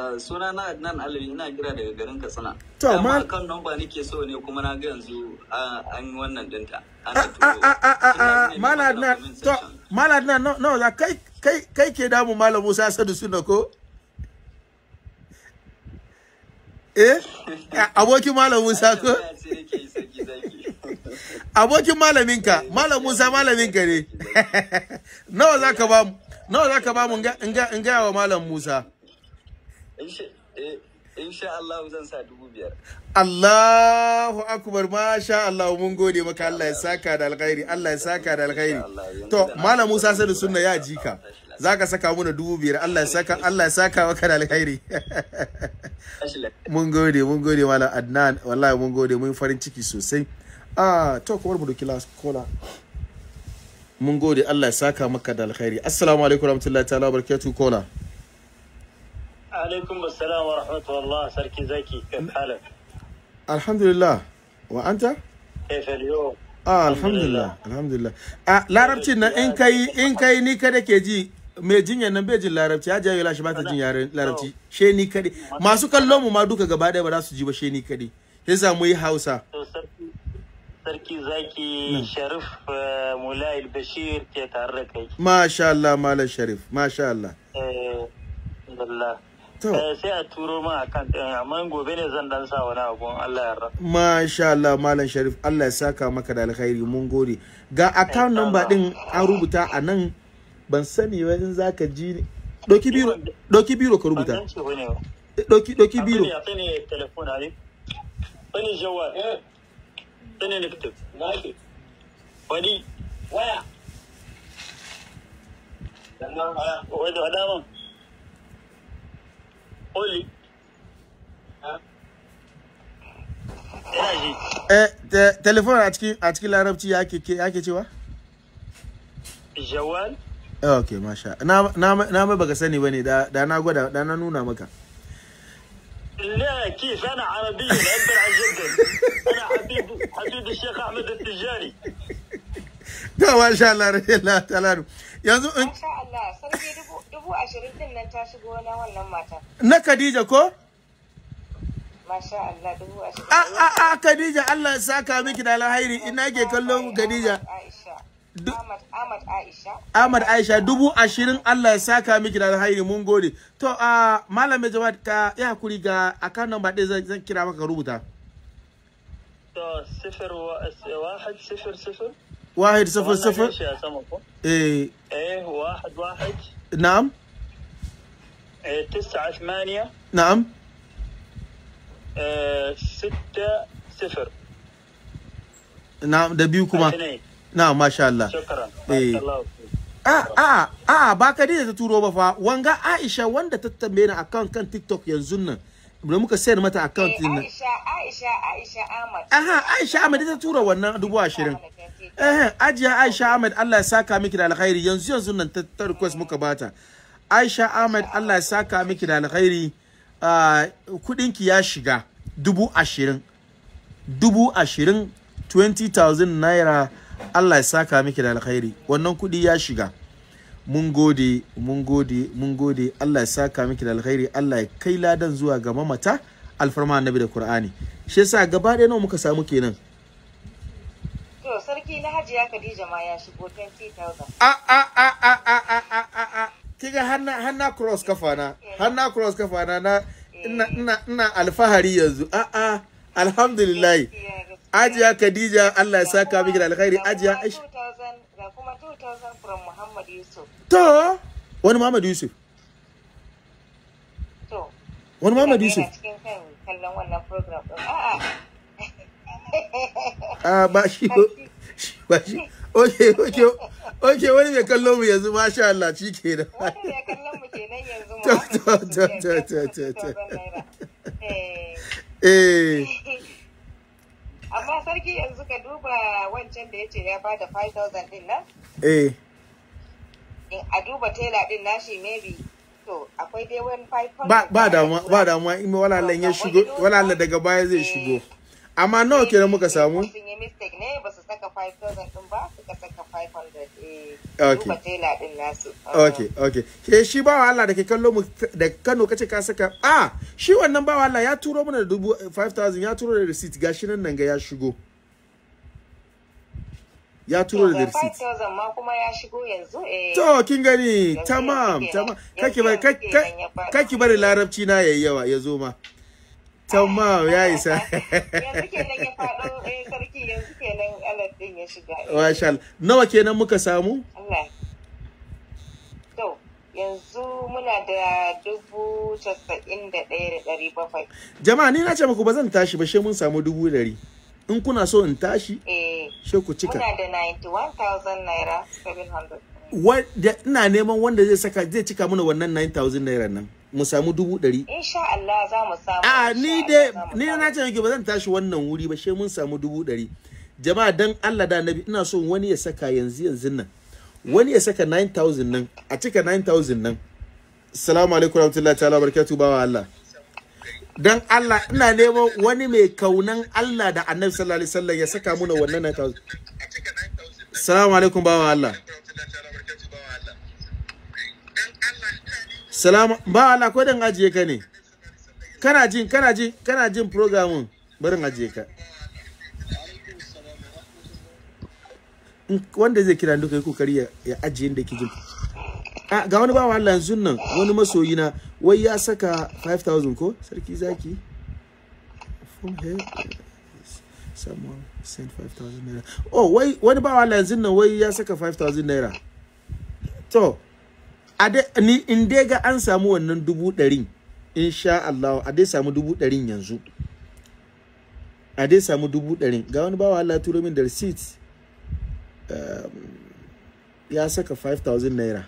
Eh, suna na Adnan Alawi ina kira daga garin Katsina. To ma kan nomba nake so ne kuma na ga yanzu an yi wannan dinta. Ah, ah, ah, Mala Adnan to Mala Adnan no za kai ke damu Malam Musa Sadu suna ko? Eh? Abokin Malam Musa ko? Abokin malaminka, eh, Malam Musa malaminka ne. Nawa za ka ba mu? Eh, nawa za ka ba mu in ga wa Malam Musa? Eh, insha Allah zan sa dubu biyar. Allahu akbar masha Allah mun gode maka Allah ya saka da alkhairi Allah ya saka da alkhairi. To Malam Musa Sadu Sunna ya jika, Zaka Za ka saka mana dubu biyar Allah ya saka Allah ya saka maka da alkhairi. Mun gode mun gode Malam Adnan wallahi mun gode mun farin ciki sosai. Ah to kuma mu doki last kola. Mun gode Allah ya saka maka da alkhairi. Assalamu alaikum warahmatullahi ta'ala barakatuh kola. alaikum assalam wa rahmatullah sarki zaki kan halak alhamdulillah wa anta كيف اليوم ah, ah larabcin nan in kai in ni kada ke ji mai jinyar nan bai jin larabci ya jayo lashi ba ta jin yaren she ni kade masu kallon mu ma duka gaba ɗaya ba za su ji ba she ni kade sai mu yi hausa sarki zaki sharif eh, mulai bashir ke tare da kai masha malam sharif sai a turo ma a kan ɗin, amma gobe ne zan dan sa wani abu Allah ya yarda masha Allah malam Sharif Allah ya saka maka da alkhairi mun gode ga account number ɗin an rubuta a nan ban sani ba in ka ji ne doki biro ka rubuta doki biro wani waya wani, Oli. Eh, telefon a cikin a cikin larabci yake ke yake cewa? Jawal. Eh, okay, masha. Na na na baka sani bane da da na gwada da na nuna maka. لا كيف انا عربي بعبر عن جدا انا حبيب حبيب الشيخ احمد التجاري to masha Allah Allah ta'ala yanzu ashirin din nan ta shigo na wannan Khadija ko? Masha A a a Khadija Allah saka miki da alhairi ina ke kallon Khadija. Ahmad Aisha. Ahmad Aisha dubu ashirin Allah ya saka miki da alhairi mun gode. To a malam Jawad ka ya hakuri ga akan nan ba ɗaya zan kira maka rubuta. To sifir eh, wahid sifir sifir. واحد صفر صفر ايه ايه تسعة ثمانية نعم ستة صفر نعم دبيو كما نعم ما شاء الله شكرا اه اه اه باكا دي تتورو بفا وانغا عائشة واندا ba fa كان تيك توك ينزلنا tambaye da muka sayar mata account din nan Aisha Aisha Aisha Ahmad aha Aisha Ahmad ita tura wannan dubu ashirin eh ajiya Aisha Ahmad Allah ya saka miki da alkhairi yanzu yanzu nan ta request muka bata Aisha Ahmed Allah ya saka miki da alkhairi ah, kudinki ya shiga dubu ashirin dubu ashirin 20,000 naira Allah ya saka miki da alkhairi wannan kudi ya shiga mun gode mun gode mun gode Allah ya saka miki da alkhairi Allah ya kai ladan zuwa ga mamata alfarma annabi da Qur'ani shi yasa gaba ɗaya nawa muka samu kenan to sarki na Hajiya Khadija ma ya shigo 20,000 a a a a a a a kiga har na cross kafana har na cross kafana na ina ina alfahari yanzu a a alhamdulillah ajiya Khadija Allah ya saka miki da alkhairi ajiya Aisha ga kuma 2000 from Muhammad Yusuf to wani Muhammad Yusuf to wani Muhammad Yusuf kallon wannan program a'a a ah, ba shi ba shi oke wani mai kallon mu yanzu masha Allah shi ke da wani mai kallon mu ke nan yanzu ma to to to to to to eh. eh amma sarki yanzu ka duba wancan da yace ya bada 5000 din nan eh a duba tela din nashi maybe to akwai dai wani 500 ba ba damuwa ba in wala lan ya shigo wala daga baya zai shigo amma nawa kenan muka samu sun yi ne ba su saka ba Allah da ke kallo mu da Kano kace ka saka ah shi wannan ba Allah ya turo mana da 5000 ya turo da receipt gashi nan nan ga ya shigo ya turo da receipt eh. to kin gani tamam tamam kake bari kake bari larabci na yayi yawa ya zo ma can ma ya isa yanzu ya faɗo eh sarki yanzu kenan alat din ya shiga masha nawa kenan muka samu to yanzu muna da dubu casa'in da ɗaya da ɗari bakwai jama'a ni na ce muku ba zan tashi ba sai mun samu dubu ɗari in kuna so in tashi eh, sai ku cika muna da 91,000 naira 700 ina neman wanda zai saka zai cika mana wannan 9,000 naira nan mu samu dubu ɗari. Insha Allah za mu samu. A ni dai ni na ce miki ba zan tashi wannan wuri ba shi mun samu dubu ɗari. Jama'a dan Allah da Annabi ina so wani ya saka yanzu yanzu nan. Wani ya saka 9000 nan a cika 9000 nan. Assalamu alaikum warahmatullahi ta'ala ba bawa Allah. Dan Allah ina neman wani mai kaunan Allah da Annabi sallallahu alaihi wasallam ya saka muna wannan 9000. Assalamu alaikum bawa Allah. salama ba Allah ko dan ajiye ka ne kana jin kana jin kana jin programin barin ajiye ka wanda zai kira duka yi kokari ya ajiye da ke jin a ga wani bawa Allah yanzu nan wani masoyi na wai ya saka 5000 ko sarki zaki from here someone sent 5000 naira oh wai wani bawa Allah yanzu nan wai ya saka 5000 naira to ni in dai ga an samu wannan dubu ɗarin insha Allah a dai samu dubu ɗarin yanzu a dai samu dubu ɗarin ga wani bawa Allah turo min da receipt um, ya saka 5000 naira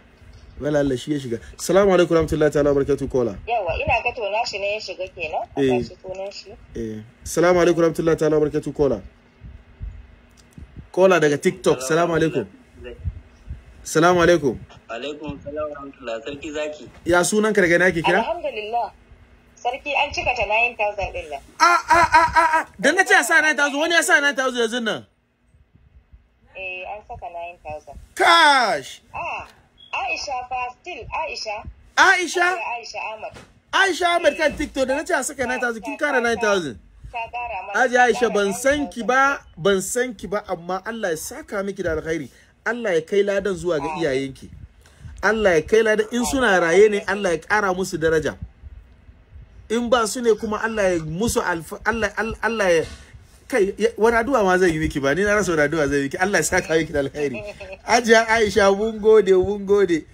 wala Allah shi ya shiga assalamu alaikum warahmatullahi ta'ala barakatuh kola yawa ina ga to nashi ne ya shiga kenan a kashi eh. sunan shi eh assalamu alaikum warahmatullahi ta'ala barakatuh kola kola daga tiktok assalamu alaikum Salamu alaikum. Alaikum salam wa sarki zaki. Ya sunan karga na ke kira? Alhamdulillah. Sarki an cika ta 9000 din nan. Ah ah ah ah. dan na ce a sa 9000 wani ya sa 9000 yanzu nan. Eh an saka 9000. Kash. Ah Aisha fa still Aisha. Aisha? Aisha Ahmad. Aisha Ahmad kan TikTok da na ce a saka 9000 kin kara 9000. Aji Aisha ban san ki ba ban san ki ba amma Allah ya saka miki da alkhairi. Allah ya kai ladan zuwa ga iyayenki Allah ya kai ladan in suna raye ne Allah ya ƙara musu daraja in ba su ne kuma Allah ya musu alfa Allah Allah ya kai wani addu'a ma zai yi miki ba ni na rasa wani addu'a zai yi miki Allah ya saka miki da alkhairi ajiya Aisha mun gode mun gode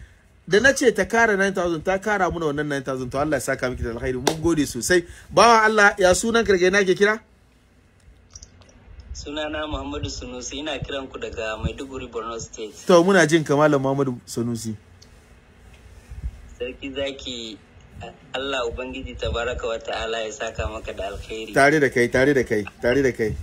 da na ce ta kara 9000 ta kara muna wannan 9000 to Allah ya saka miki da alkhairi mun gode sosai bawa Allah ya sunan kirge na ke kira Sunana Muhammadu Sunusi ina kiran ku daga Maiduguri Borno State. To muna jin ka Malam Muhammadu Sunusi. Sarki zaki Allah Ubangiji tabaraka wa ta'ala ya saka maka da alkhairi. Tare da kai, tare da kai, tare da kai.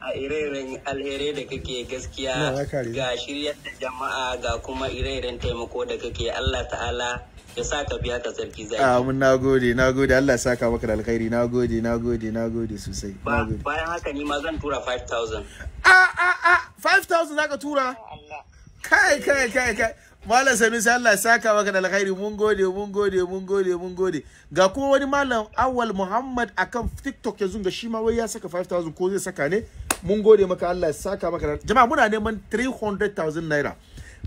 A ire alherai da kake gaskiya ga shiryar da jama'a ga kuma ire taimako da kake Allah ta'ala ya sa ka biya ka mun na gode, na gode. Allah sa saka maka da alkhairi na na gode, gode, na gode sosai bayan haka ni ma zan tura 5000 a a a 5000 zaka tura kai kai kai kai malam sanu sai Allah ya saka maka da alkhairi mun gode mun gode mun gode mun gode ga kuma wani malam awal muhammad akan tiktok yanzu ga shi ma wai ya saka 5000 ko zai saka ne mun gode maka Allah ya saka maka jama'a muna neman 300,000 naira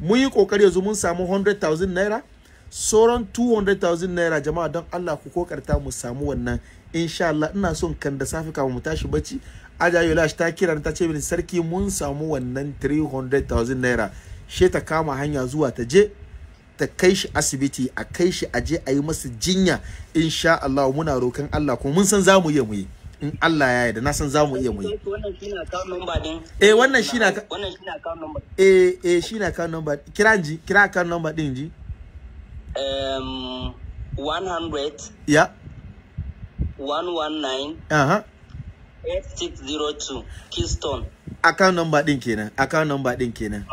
mun yi kokari yanzu mun samu 100,000 naira sauran 200,000 naira jama'a don Allah ku kokarta mu samu wannan insha Allah ina son kan da safi kafin mu tashi bacci aja yolash ta kira ta ce mini sarki mun samu wannan 300,000 naira she ta kama hanya zuwa ta je ta kai shi asibiti a kai shi aje a yi masa jinya insha Allah muna rokan Allah kuma mun san zamu iya mu yi in Allah ya yarda na san zamu iya mu yi eh wannan shi na wannan shi na account number eh eh shi na account number kira ji kira account number din ji um, 100. Yeah. 119. Uh-huh. 8602 Keystone. Account number din kenan. Account number din kenan.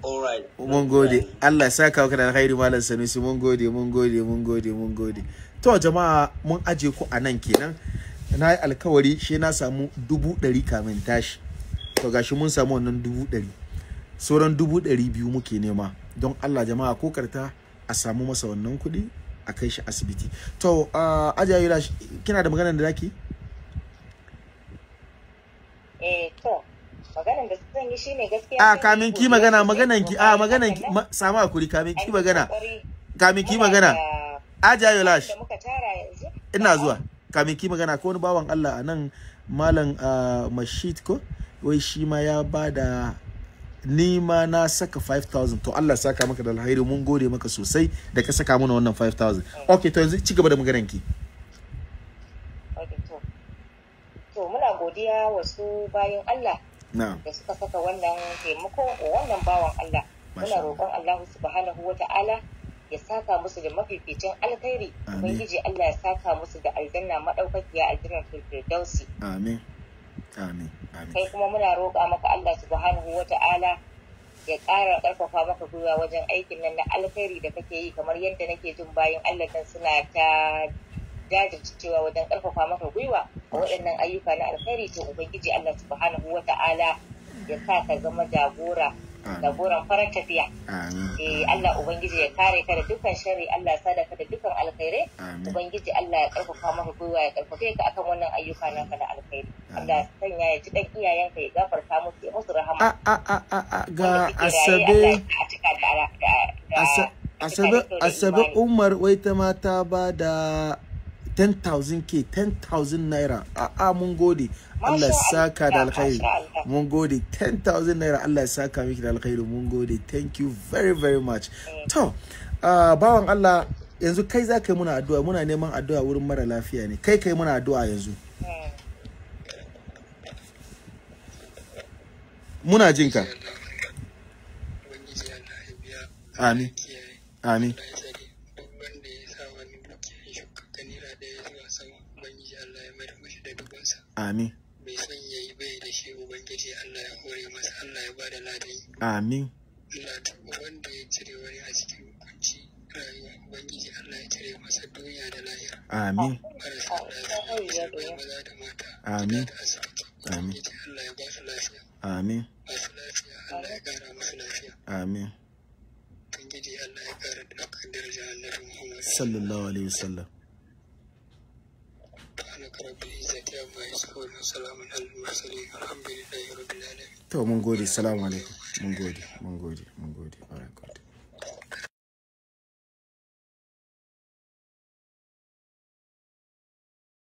Alright. Mun gode. Allah ya kawo ka da alkhairi malam Sanusi. Mun gode, mun gode, mun gode, mun gode. To jama'a mun aje ku a nan kenan. Na yi alkawari shi na samu dubu ɗari kamin tashi. To gashi mun samu wannan dubu ɗari. Sauran dubu ɗari biyu muke nema. Don Allah jama'a ko karta a samu masa wannan kuɗi a kai shi asibiti to uh, ajiya kina da maganar da zaki eh to maganan da zan yi shine gaskiya a kamin ki magana maganan ki a maganan ki samu hakuri kamin ki magana kamin ki magana aja yolash ina zuwa kamin ki magana ko wani bawan Allah a nan malam mashit ko wai shi ma ya bada ni ma na saka 5000 to Allah saka maka da alheri mun gode maka sosai da ka saka mana wannan 5000 okay to yanzu ci gaba da maganar ki to muna godiya wasu bayan Allah da suka saka wannan taimako wannan bawan Allah muna roƙon Allah subhanahu wata'ala ya saka musu da mafificin alkhairi ubangiji Allah ya saka musu da aljanna madaukakiya aljanna firdausi amin kai kuma muna roƙa maka Allah subhanahu ta'ala ya ƙara ƙarfafa maka gwiwa wajen aikin nan na alkhairi da kake yi kamar yadda nake jin bayan Allah nan suna ta cewa wajen ƙarfafa maka gwiwa a waɗannan ayyuka na alkhairi to ubangiji Allah subhanahu ta'ala ya sa ka zama jagora jagoran farar tafiya eh Allah ubangiji ya kare ka da dukkan sharri Allah ya sadaka da dukkan alkhairi ubangiji Allah ya karfafa maka gwiwa ya karfafe ka akan wannan ayyuka naka na alkhairi Allah sanya ya ji dan iyayenka ya gafarta musu ya musu rahama a a a a ga asabe asabe asabe umar wai ta mata ba da 10,000k 10,000 naira a'a mun gode Allah ya saka da alkhairi mun gode 10,000 naira Allah ya saka miki da alkhairi mun gode thank you very very much mm. to ah, bawan Allah yanzu kai za ka yi muna addu'a muna neman addu'a wurin mara lafiya ne kai kai muna addu'a yanzu mm. muna jinka amin amin amin bai san yayi bai da shi ubangiji Allah ya hore masa Allah ya bada amin wanda ya cire wani a cikin hukunci rayuwa ubangiji Allah ya cire masa duniya da amin amin amin kara amin kara sallallahu alaihi wasallam to mun gode salamu alaikum mun gode mun gode mun gode